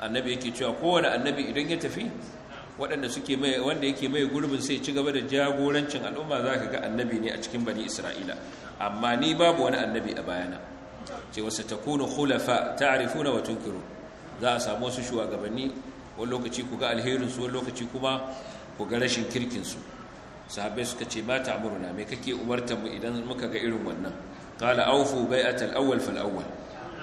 annabi yake cewa kowane annabi idan ya tafi waɗanda suke mai wanda yake mai gurbin sai ci gaba da jagorancin al'umma za ka ga annabi ne a cikin bani isra'ila amma ni babu wani annabi a bayana ce wasu takunu khulafa ta'rifuna wa tunkiru za a samu wasu shugabanni wani lokaci ku ga alherinsu wani lokaci kuma ku ga rashin kirkin su. sahabbai suka ce ba ta amurna mai kake umartar mu idan muka ga irin wannan kala aufu bai a tal'awal fal'awar.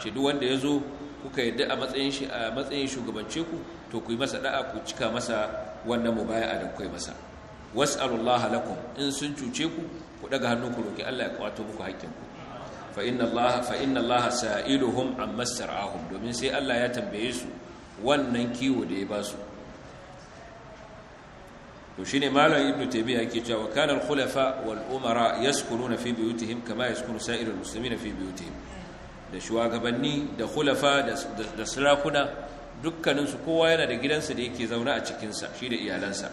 ce duk wanda ya zo kuka yadda a matsayin a matsayin shugabance ku to ku yi masa da'a ku cika masa wannan mu baya a da kai masa was'alullah lakum in sun cuce ku ku daga hannu ku roki Allah ya kwato muku hakkin ku fa inna hum fa amma domin sai Allah ya tambaye su wannan kiwo da ya ba su to shine malam ibnu taymiya yake cewa kana al-khulafa wal umara yaskununa fi buyutihim kama yaskunu sa'irul na fi buyutihim da shugabanni da khulafa da sarakuna dukkaninsu kowa yana da gidansa da yake zauna a cikinsa, shi da iyalansa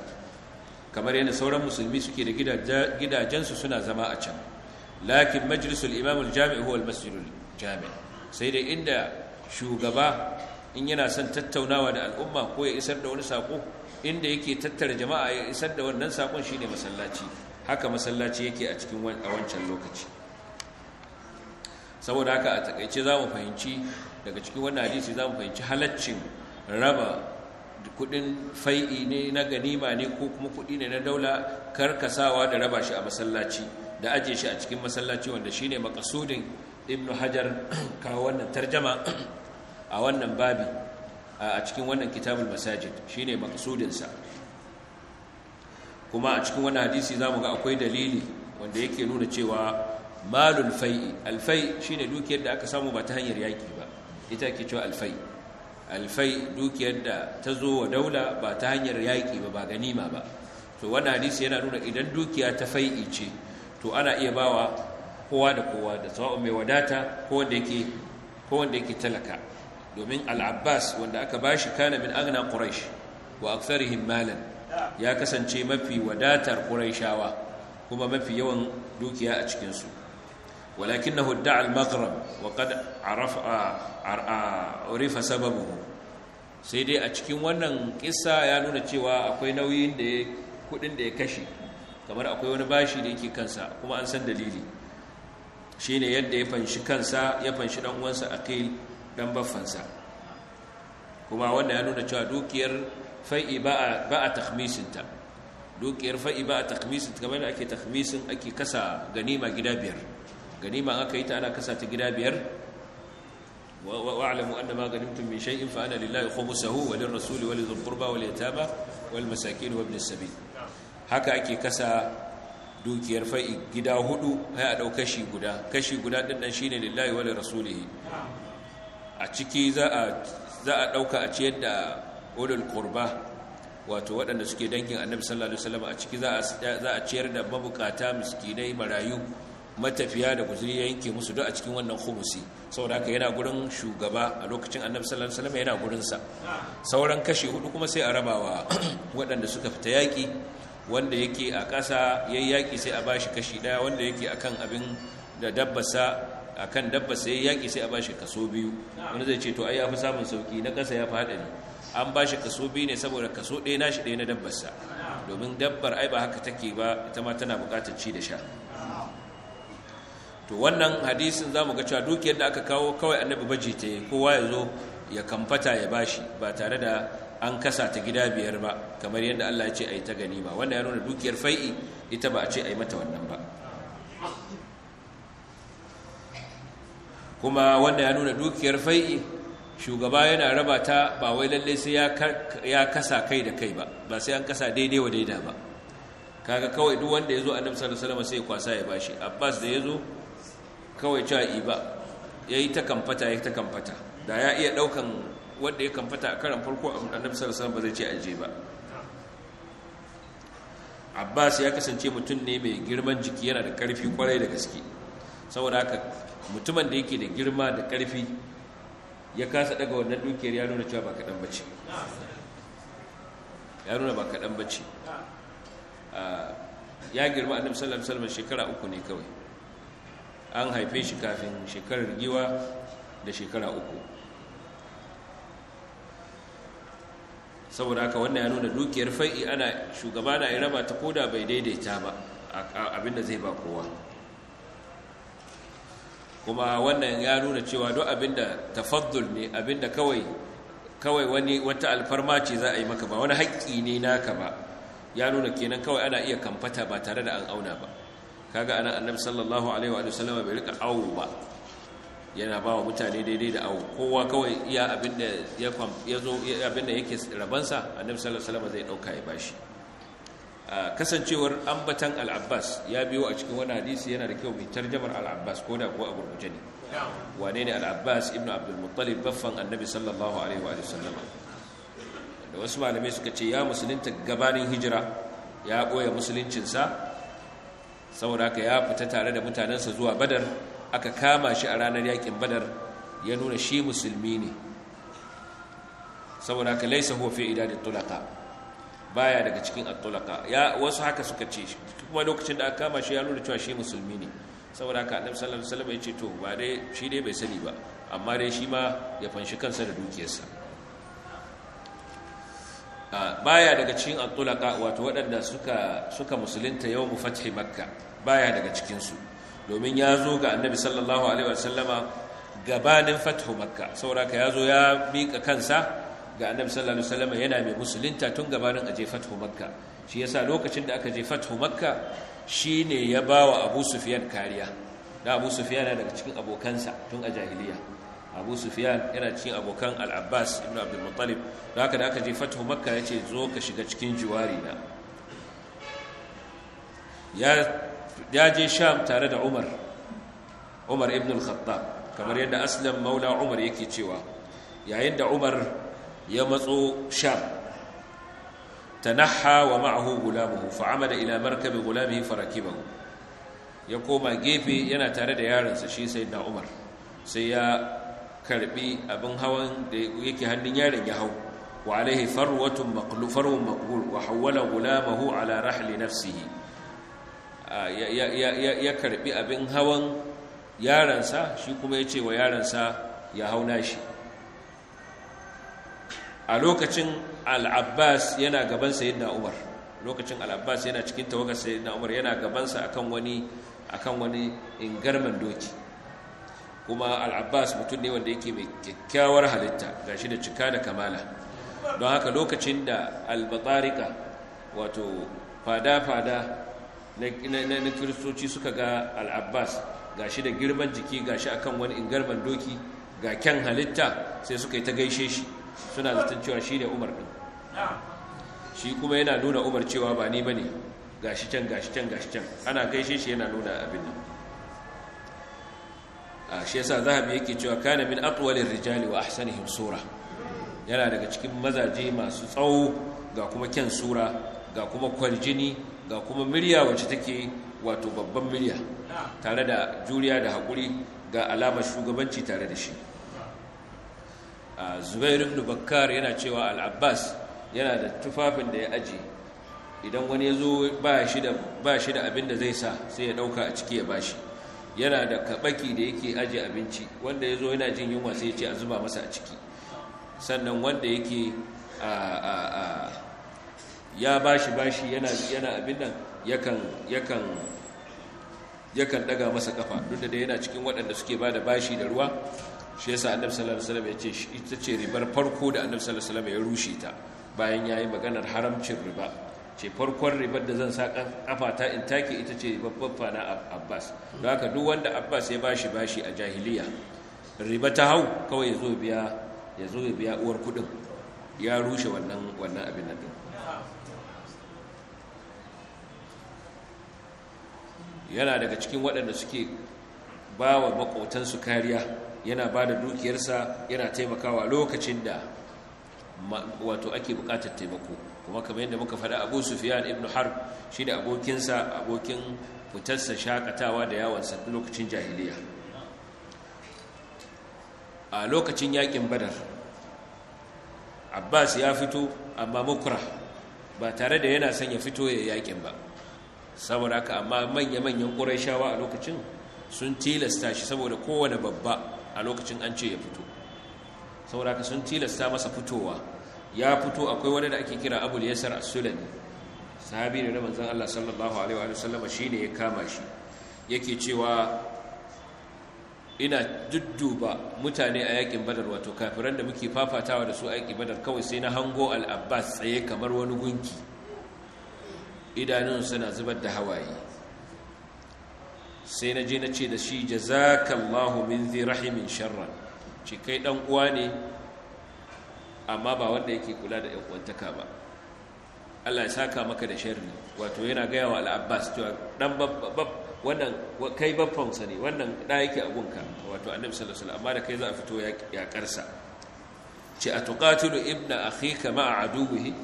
kamar yadda sauran musulmi suke da gidajensu suna zama a can lakin Majalisar imamul jami'i huwa almasjidul jami' sai dai inda shugaba in yana son tattaunawa da al'umma ko ya isar da wani sako inda yake tattara jama'a ya isar da wannan sakon shine masallaci haka masallaci yake a cikin wancan lokaci saboda haka a takaice za mu fahimci daga cikin wannan hadisi za mu fahimci halaccin raba kudin fai'i ne na ganima ne ko kuma kudi ne na daula karkasawa da raba shi a masallaci da ajiye shi a cikin masallaci wanda shi ne makasudin ibnu hajar kawo wannan tarjama a wannan babi a cikin wannan kitabul masajid ne makasudinsa. kuma a cikin wannan hadisi za mu ga akwai dalili wanda yake nuna cewa malul fa'i. alfai shi ne dukiyar da aka samu ba ta hanyar yaki ba ita ke cewa alfai alfai dukiyar da ta zo wa daula ba ta hanyar yaƙi ba ba ganima ba to wannan hadisi yana nuna idan dukiya ta fai'i ce to ana iya bawa kowa da kowa da tsawon mai wadata ko wanda yake talaka domin al'abbas, wanda aka bashi kana min agna quraish wa aktharihim malan ya kasance mafi wadatar ƙuraishawa kuma mafi yawan dukiya a cikinsu. su hudda ادعى المغرب وقد a عرف sababu sai dai a cikin wannan kisa ya nuna cewa akwai nauyin da ya kudin da ya kashe kamar akwai wani bashi da yake kansa kuma an san dalili shi ne yadda ya fanshi kansa ya fanshi dan uwansa akil dan baffansa kuma wanda ya nuna cewa dukiyar fai'i ba a takhmisinta dukiyar fai'i ba a takhmisinta kamar da ake takhmisin ake kasa ganima gida biyar ganima aka yi ta ana kasa ta gida biyar واعلموا ان ما غنمتم من شيء فانا لله خمسه وللرسول ولذي القربى واليتامى والمساكين وابن السبيل haka ake kasa dukiyar fa'i gida hudu ya a ɗau shi guda kashi guda ɗanɗan shi ne lillahi wani rasulihi a ciki za a ɗauka a ciyar da ulul qurba wato waɗanda suke dangin annabi sallallahu alaihi wasallam a ciki za a ciyar da mabukata miskinai marayu matafiya da guzuri ya yanke musu duk a cikin wannan khumusi saboda haka yana gurin shugaba a lokacin annabi sallallahu alaihi wasallam yana gurin sa sauran kashi hudu kuma sai a rabawa *clears throat* waɗanda suka fita yaki wanda yake a ƙasa ya yaƙi sai a ba shi kashi ɗaya wanda yake a kan abin da dabbasa a kan dabbasa ya yaƙi sai a ba shi kaso biyu wani zai ce to ai ya fi samun sauƙi na ƙasa ya fi haɗari an ba shi kaso biyu ne saboda kaso ɗaya na shi ɗaya na dabbasa domin dabbar ai ba haka take ba ita ma tana buƙatar ci da sha to wannan hadisin za mu ga cewa dukiyar da aka kawo kawai annabi baje ta yi kowa ya zo ya kamfata ya bashi ba tare da an kasa ta gida biyar ba kamar yadda Allah ya ce a yi ta ganima wannan ya nuna dukiyar fai'i ita ba a ce a yi mata wannan ba kuma wannan ya nuna dukiyar fai'i shugaba yana raba ta ba wai lalle sai ya kasa kai da kai ba ba sai an kasa daidai wa daida ba kaga kawai duk wanda ya zo annabi sallallahu alaihi wasallam sai kwasa ya bashi abbas da ya zo kawai cha'i ba ya ta kamfata ya ta kamfata da ya iya ɗaukan wanda ya kamfata a karan farko a annabi sallallahu alaihi ba zai ce aje ba abbas ya kasance mutum ne mai girman jiki yana da karfi kwarai da gaske saboda haka mutumin da yake da girma da karfi ya kasa daga wannan dukiyar ya nuna cewa ba kaɗan bace ya nuna ba kaɗan bace ah, ya girma annabi sallallahu alaihi wasallam shekara uku ne kawai an haife shi kafin shekarar giwa da shekara uku saboda aka wannan ya nuna dukiyar fai'i ana shugaba na raba ta koda bai daidaita ba abinda zai ba kowa kuma wannan ya nuna cewa duk abinda tafaddul ne abinda kawai kawai wani wata alfarma ce za a yi maka ba wani haƙƙi ne naka ba ya nuna kenan kawai ana iya kamfata ba tare da an auna ba kaga anan annabi sallallahu alaihi wa sallam bai rika awo ba yana ba wa mutane daidai da awo kowa kawai iya abin da ya zo abin yake rabansa annabi sallallahu alaihi wasallam zai dauka ya bashi kasancewar ambatan al'abbas ya biyo a cikin wani hadisi yana da kyau mai tarjamar al ko da ko a gurguje ne wane ne al-abbas ibn abdul muttalib baffan annabi sallallahu alaihi wa sallam da wasu malamai suka ce ya musulunta gabanin hijira ya boye musuluncinsa saboda haka ya fita tare da mutanensa zuwa badar aka kama shi a ranar yakin badar ya nuna shi musulmi ne saboda ka laisa hofe idadin tulaka baya daga cikin atulaka ya wasu haka suka ce shi kuma lokacin da aka kama shi ya nuna cewa shi musulmi ne saboda ka annabi sallallahu alaihi wasallam ya ce to ba dai shi dai bai sani ba amma dai shi ma ya fanshi kansa da dukiyarsa baya daga cikin atulaka wato waɗanda suka suka musulunta yawmu fathi makka baya daga cikin su domin ya zo ga annabi sallallahu alaihi wasallama gabanin fathu makka saboda ka ya zo ya miƙa kansa ga annabi sallallahu alaihi wasallama yana mai musulunta tun gabanin aje fathu makka shi yasa lokacin da aka je fathu makka shine ya bawa abu sufyan kariya da abu sufyan yana daga cikin abokansa tun a jahiliya abu sufyan yana cikin abokan al-abbas ibn abdul muttalib da haka da aka je fathu makka yace zo ka shiga cikin jiwari na ya ya je sham tare da umar umar ibn al-khattab kamar yadda aslam maula umar yake cewa yayin da umar ya matso sham tanahha wa ma'ahu gulamuhu fa'amada ila markabi gulamihi farakibahu ya koma gefe yana tare da yaransa shi sai na umar sai ya karbi abin hawan da yake hannun yaron ya hau wa alaihi farwatun maqlu farwun maqbul wa hawwala gulamahu ala rahli nafsihi ya karbi abin hawan yaransa shi kuma ya ce wa yaransa ya hauna shi a lokacin al'abbas yana gaban sayyidina umar lokacin al'abbas yana cikin tawagar sayyidina umar yana gabansa akan wani akan wani ingarman doki kuma al'abbas mutum ne wanda yake mai kyakkyawar halitta gashi da cika da kamala don haka lokacin da albatarika wato fada-fada na kiristoci suka ga al'abbas ga shi da girman jiki ga shi akan wani ingarman doki ga kyan halitta sai suka yi ta gaishe shi suna zaton cewa shi ne umar ɗin shi kuma yana nuna umar cewa ba ni ba ne ga shi can ga shi can ga shi can ana gaishe shi yana nuna abin nan a shi yasa zahabi yake cewa kana min atwalir rijali wa ahsanihim sura yana daga cikin mazaje masu tsawo ga kuma kyan sura ga kuma kwarjini ga kuma murya wacce take wato babban murya tare da juriya da haƙuri ga alamar shugabanci tare da shi Zubairu ibn bakkar yana cewa al'abbas yana da tufafin da ya aji. idan wani ya zo ba shi da abin da zai sa sai ya ɗauka a ciki ya ba shi. yana da kaɓaki da yake aji abinci wanda ya zo yana jin yunwa sai ya ce a zuba masa a ciki sannan wanda yake a ya bashi bashi yana yana abin nan yakan yakan yakan daga masa kafa duk da yana cikin waɗanda suke bada bashi da ruwa shi yasa annabi sallallahu alaihi wasallam ya ita ce ribar farko da annabi sallallahu alaihi wasallam ya rushe ta bayan yayi maganar haramcin riba ce farkon ribar da zan sa kafa ta in take ita ce babban fana Abbas don haka duk wanda Abbas ya bashi bashi a jahiliya riba ta hau kawai ya biya ya biya uwar kudin ya rushe wannan wannan abin nan yana daga cikin waɗanda suke ba wa makotansu kariya yana ba da dukiyarsa yana taimakawa lokacin da wato ake buƙatar taimako kuma kamar yadda muka faɗa abu sufiyan ibn harb shi da abokinsa abokin fitarsa shakatawa da yawansa lokacin jahiliya a lokacin yakin badar abbas ya fito amma mukura ba tare da yana son ya fito ya yakin ba saboda haka amma manya-manyan ƙurashawa a lokacin sun tilasta shi saboda kowane babba a lokacin an ce ya fito saboda haka sun tilasta masa fitowa ya fito akwai wani da ake kira abu yasar a sulami sahabi ne na manzon Allah sallallahu alaihi wasallama shi ne ya kama shi yake cewa ina dudduba mutane a yakin badar wato kafiran da muke fafatawa da su a yakin badar kawai sai na hango al tsaye kamar wani gunki idanun suna zubar da hawaye sai na je na ce da shi jazakallahu min zai rahimin sharran ce kai dan uwa ne amma ba wanda yake kula da yankuwantaka ba Allah ya saka maka da sharri wato yana gaya wa al'abbas cewa dan wannan kai babbansa ne wannan da yake a gunka wato annabi sallallahu alaihi amma da kai za a fito ya karsa ce a tuqatilu ibna akhika ma'a aduwihi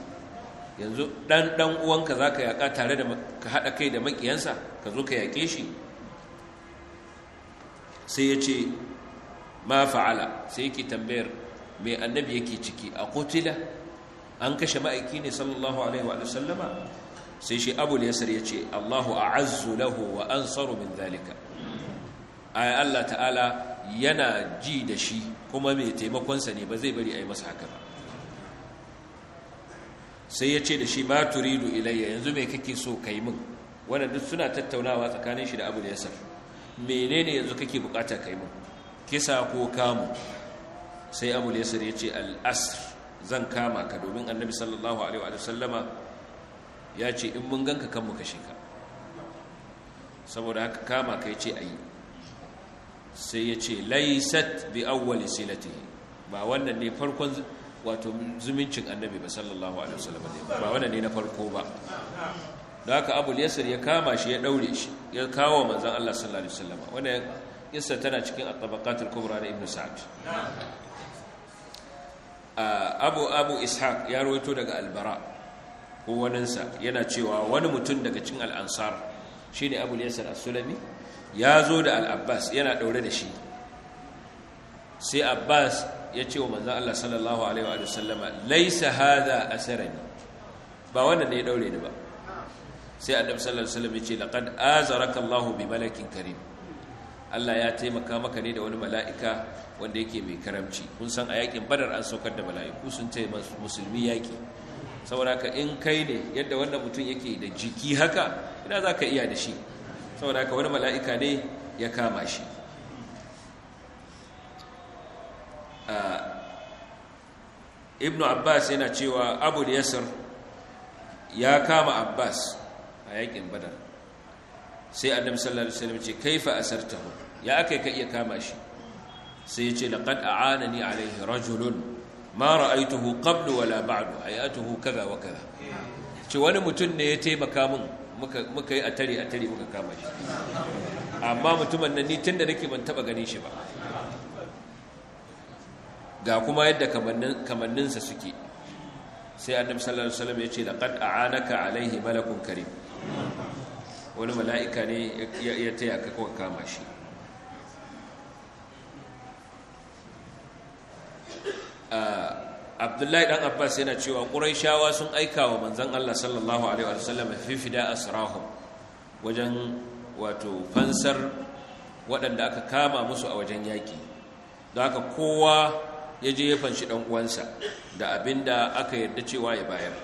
yanzu dan dan uwanka za ka yaƙa tare da ka haɗa kai da makiyansa ka zo ka yaƙe shi sai ya ce ma fa'ala sai yake tambayar mai annabi yake ciki a kotila an kashe ma'aiki ne sallallahu alaihi wa sallama sai shi Abul yasir ya ce allahu a'azzu lahu wa ansaru min zalika ay allah ta'ala yana ji da shi kuma mai taimakonsa ne ba zai bari a yi masa haka ba sai ya ce da shi ma turidu ilayya yanzu me kake so kai min wanda duk suna tattaunawa tsakanin shi da abu da yasar menene yanzu kake bukata kai min kisa ko kamu sai abu da yasar ya ce al'asr zan kama ka domin annabi sallallahu alaihi wa sallama ya ce in mun ganka kan mu kashe ka saboda haka kama ka ce ayi sai ya ce laisat bi awwali silatihi ba wannan ne farkon wato zumuncin annabi ba sallallahu alaihi wasallam ba wannan ne na farko ba da haka abu yasir ya kama shi ya daure shi ya kawo manzon Allah sallallahu alaihi wasallam wannan kissa tana cikin at-tabaqat kubra na ibnu sa'd abu abu ishaq ya rawaito daga al-bara ko waninsa yana cewa wani mutum daga cikin al-ansar shine abu yasir as-sulami ya zo da al-abbas yana daure da shi sai abbas ya ce wa manzan Allah sallallahu alaihi wa sallama laisa a sarari ba wannan ne ya daure ni ba sai Adam sallallahu alaihi ya ce laqad azaraka Allahu bi malakin karim Allah ya taimaka maka ne da wani mala'ika wanda yake mai karamci kun san a yakin badar an saukar da mala'iku sun ce musulmi yaƙi. saboda ka in kai ne yadda wannan mutum yake da jiki haka ina za ka iya da shi saboda ka wani mala'ika ne ya kama shi Uh, ibnu abbas yana cewa abu da yasir ya kama abbas a yakin badar sai annabi sallallahu alaihi wasallam ce kaifa asartahu ya akai ka iya kama shi sai ya ce laqad a'anani alaihi rajulun ma ra'aituhu qablu wala ba'du ayatuhu kaza wa kaza ce wani mutum ne ya taimaka min muka yi a tare muka kama shi amma mutumin nan ni tunda da nake ban taba ganin shi ba ga kuma yadda kamanninsa suke sai annabi sallallahu alaihi wasallam ya ce laqad a'anaka alaihi malakun karim wani mala'ika ne ya taya ka kawai kama shi abdullahi dan abbas yana cewa ƙuraishawa sun aika wa manzan allah sallallahu alaihi wasallam fifida asrahum wajen wato fansar waɗanda aka kama musu a wajen yaƙi don haka kowa ya je ya fanshi dan uwansa da abinda aka yarda cewa ya bayar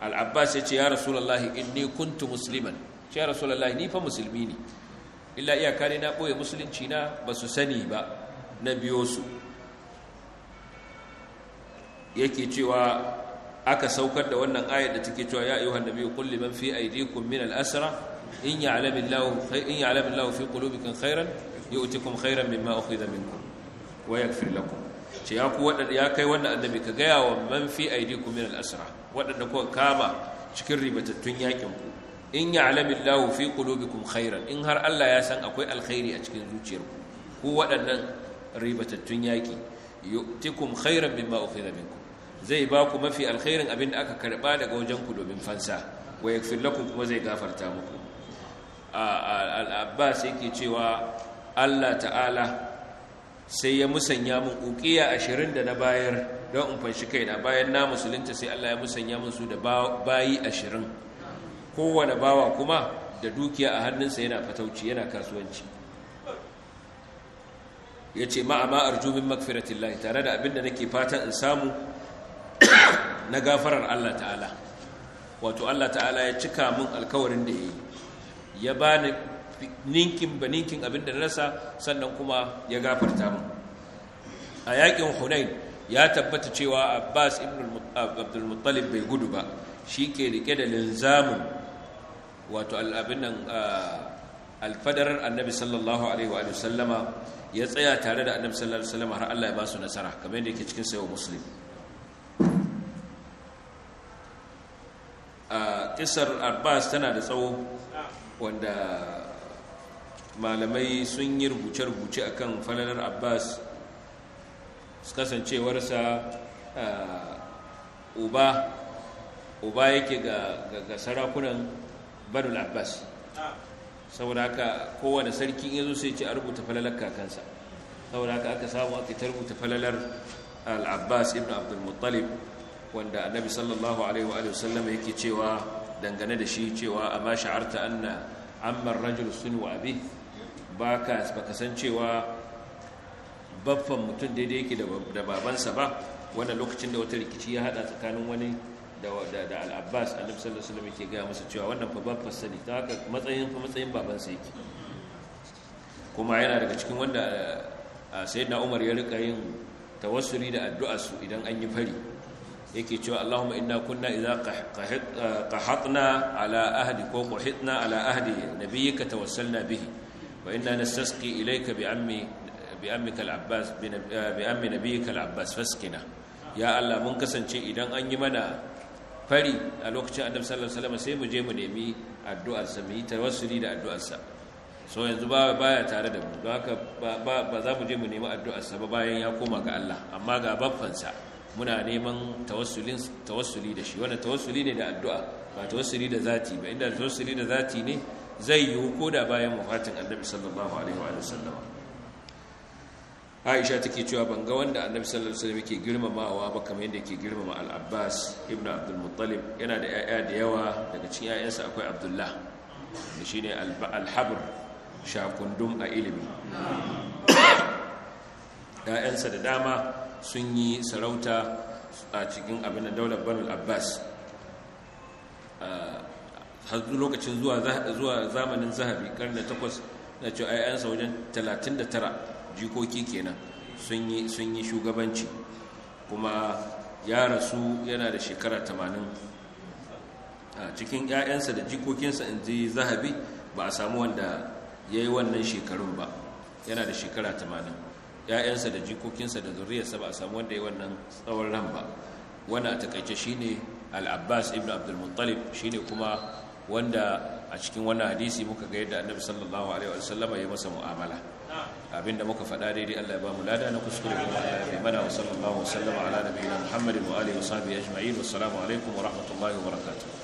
al-abbas ya ce ya rasulullahi inni kuntu musliman ce ya rasulullahi ni fa musulmi ne illa iyaka ne na boye musulunci na ba su sani ba na biyo su yake cewa aka saukar da wannan ayar da take cewa ya ayyuhan nabiyyu qul liman fi aydikum min al-asra in ya'lamu Allahu in ya'lamu Allahu fi qulubikum khairan yu'tikum khairan mimma ukhidha minkum wa yaghfir lakum ce ya ku waɗanda ya kai wannan annabi ka gaya wa man fi ku min al-asra waɗanda kuka kama cikin ribatattun yakin ku in alamin Allahu fi kulubikum khairan in har Allah ya san akwai alkhairi a cikin zuciyarku ku waɗannan ribatattun yaki yu'tikum khairan mimma ukhidha minkum zai ba ku mafi alkhairin abin da aka karba daga wajen ku domin fansa wa yaghfir lakum kuma zai gafarta muku al-Abbas yake cewa Allah ta'ala sai ya musanya mun uqiya ashirin da na bayar don in fanshi kaina bayan na musulunta sai Allah ya musanya mun su da bayi ashirin kowane bawa kuma da dukiya a hannunsa yana fatauci yana kasuwanci ya ce ma'ama arjumin makfiratin magfiratillahi tare da abin da nake fatan in samu na gafarar Allah ta'ala wato Allah ta'ala ya cika mun alkawarin da ya yi ya bani ninkin ba ninkin abin da na rasa sannan kuma ya gafarta mu a yakin hunain ya tabbata cewa abbas ibn abdulmuttalib bai gudu ba shi ke rike da linzamin wato al'abinan alfadarar annabi sallallahu alaihi wa sallama ya tsaya tare da annabi sallallahu alaihi wa sallama har Allah ya ba su nasara kamar yadda yake cikin sayo muslim a kisar Abbas tana da tsawo wanda malamai sun yi rubuce-rubuce akan falalar abbas kasancewarsa uba uba yake ga sarakunan banul abbas saboda haka kowane sarki ya zo sai ce a rubuta falalar kakansa saboda haka aka samu aka ta rubuta falalar al-abbas ibn abdulmuttalib wanda annabi sallallahu alaihi wa sallam yake cewa dangane da shi cewa amma sha'arta anna amma rajul sun wa abi ba ka san cewa baffan mutum daidai yake da babansa ba wannan lokacin da wata rikici ya hada tsakanin wani da al'abbas annabi sallallahu alaihi wasallam gaya masa cewa wannan fa baffan sani ta haka matsayin matsayin babansa yake kuma yana daga cikin wanda sayyidina umar ya rika yin tawassuli da addu'a su idan an yi fari yake cewa Allahumma inna kunna idza qahatna ala ahdi ko quhitna ala ahdi nabiyyika tawassalna bihi وإنا نستسقي إليك بأمي بعمك العباس بعم نبيك العباس فاسقنا يا الله من كسن شيء an yi mana فري الوقت أن annabi الله alaihi wasallam sai mu je mu nemi addu'ar sa mu so yanzu ba ba ya tare da mu don haka ba ba za mu je mu nemi addu'a sa ba bayan ya koma ga Allah amma ga babban sa muna neman tawassulin tawassuli da shi wannan tawassuli ne da addu'a ba tawassuli da zati ba inda tawassuli da zati ne zai yiwu ko da bayan wafatin annabi sallallahu alaihi wa sallama aisha take cewa ban ga wanda annabi sallallahu alaihi wasallam yake girmamawa ba kamar yadda yake girmama al-abbas ibnu abdul muttalib yana da 'ya'ya da yawa daga cikin 'ya'yansa akwai abdullah da shine al-habr shakundum a ilimi yayansa da dama sun yi sarauta a cikin abin da daular banul abbas ah, lokacin zuwa zamanin zahabi karni takwas na ce ayyansa wajen 39 jikoki kenan sun yi shugabanci kuma ya rasu yana da shekara 80 a cikin ƴaƴansa da jikokinsa in ji zahabi ba a samu wanda ya yi wannan shekarun ba yana da shekara 80 'ya'yansa da jikokinsa da zuriyarsa ba a samu wanda ya yi wannan tsawon ran ba wannan a takaice shine al-abbas ibn abdul shine kuma wanda a cikin wannan hadisi muka ga yadda annabi sallallahu alaihi wasallama ya masa mu'amala abinda muka faɗa daidai Allah ya ba mu lada na kuskure kuma Allah ya mana wa sallallahu wasallama ala nabiyina Muhammadin wa alihi wa sahbihi ajma'in wassalamu alaikum wa rahmatullahi wa barakatuh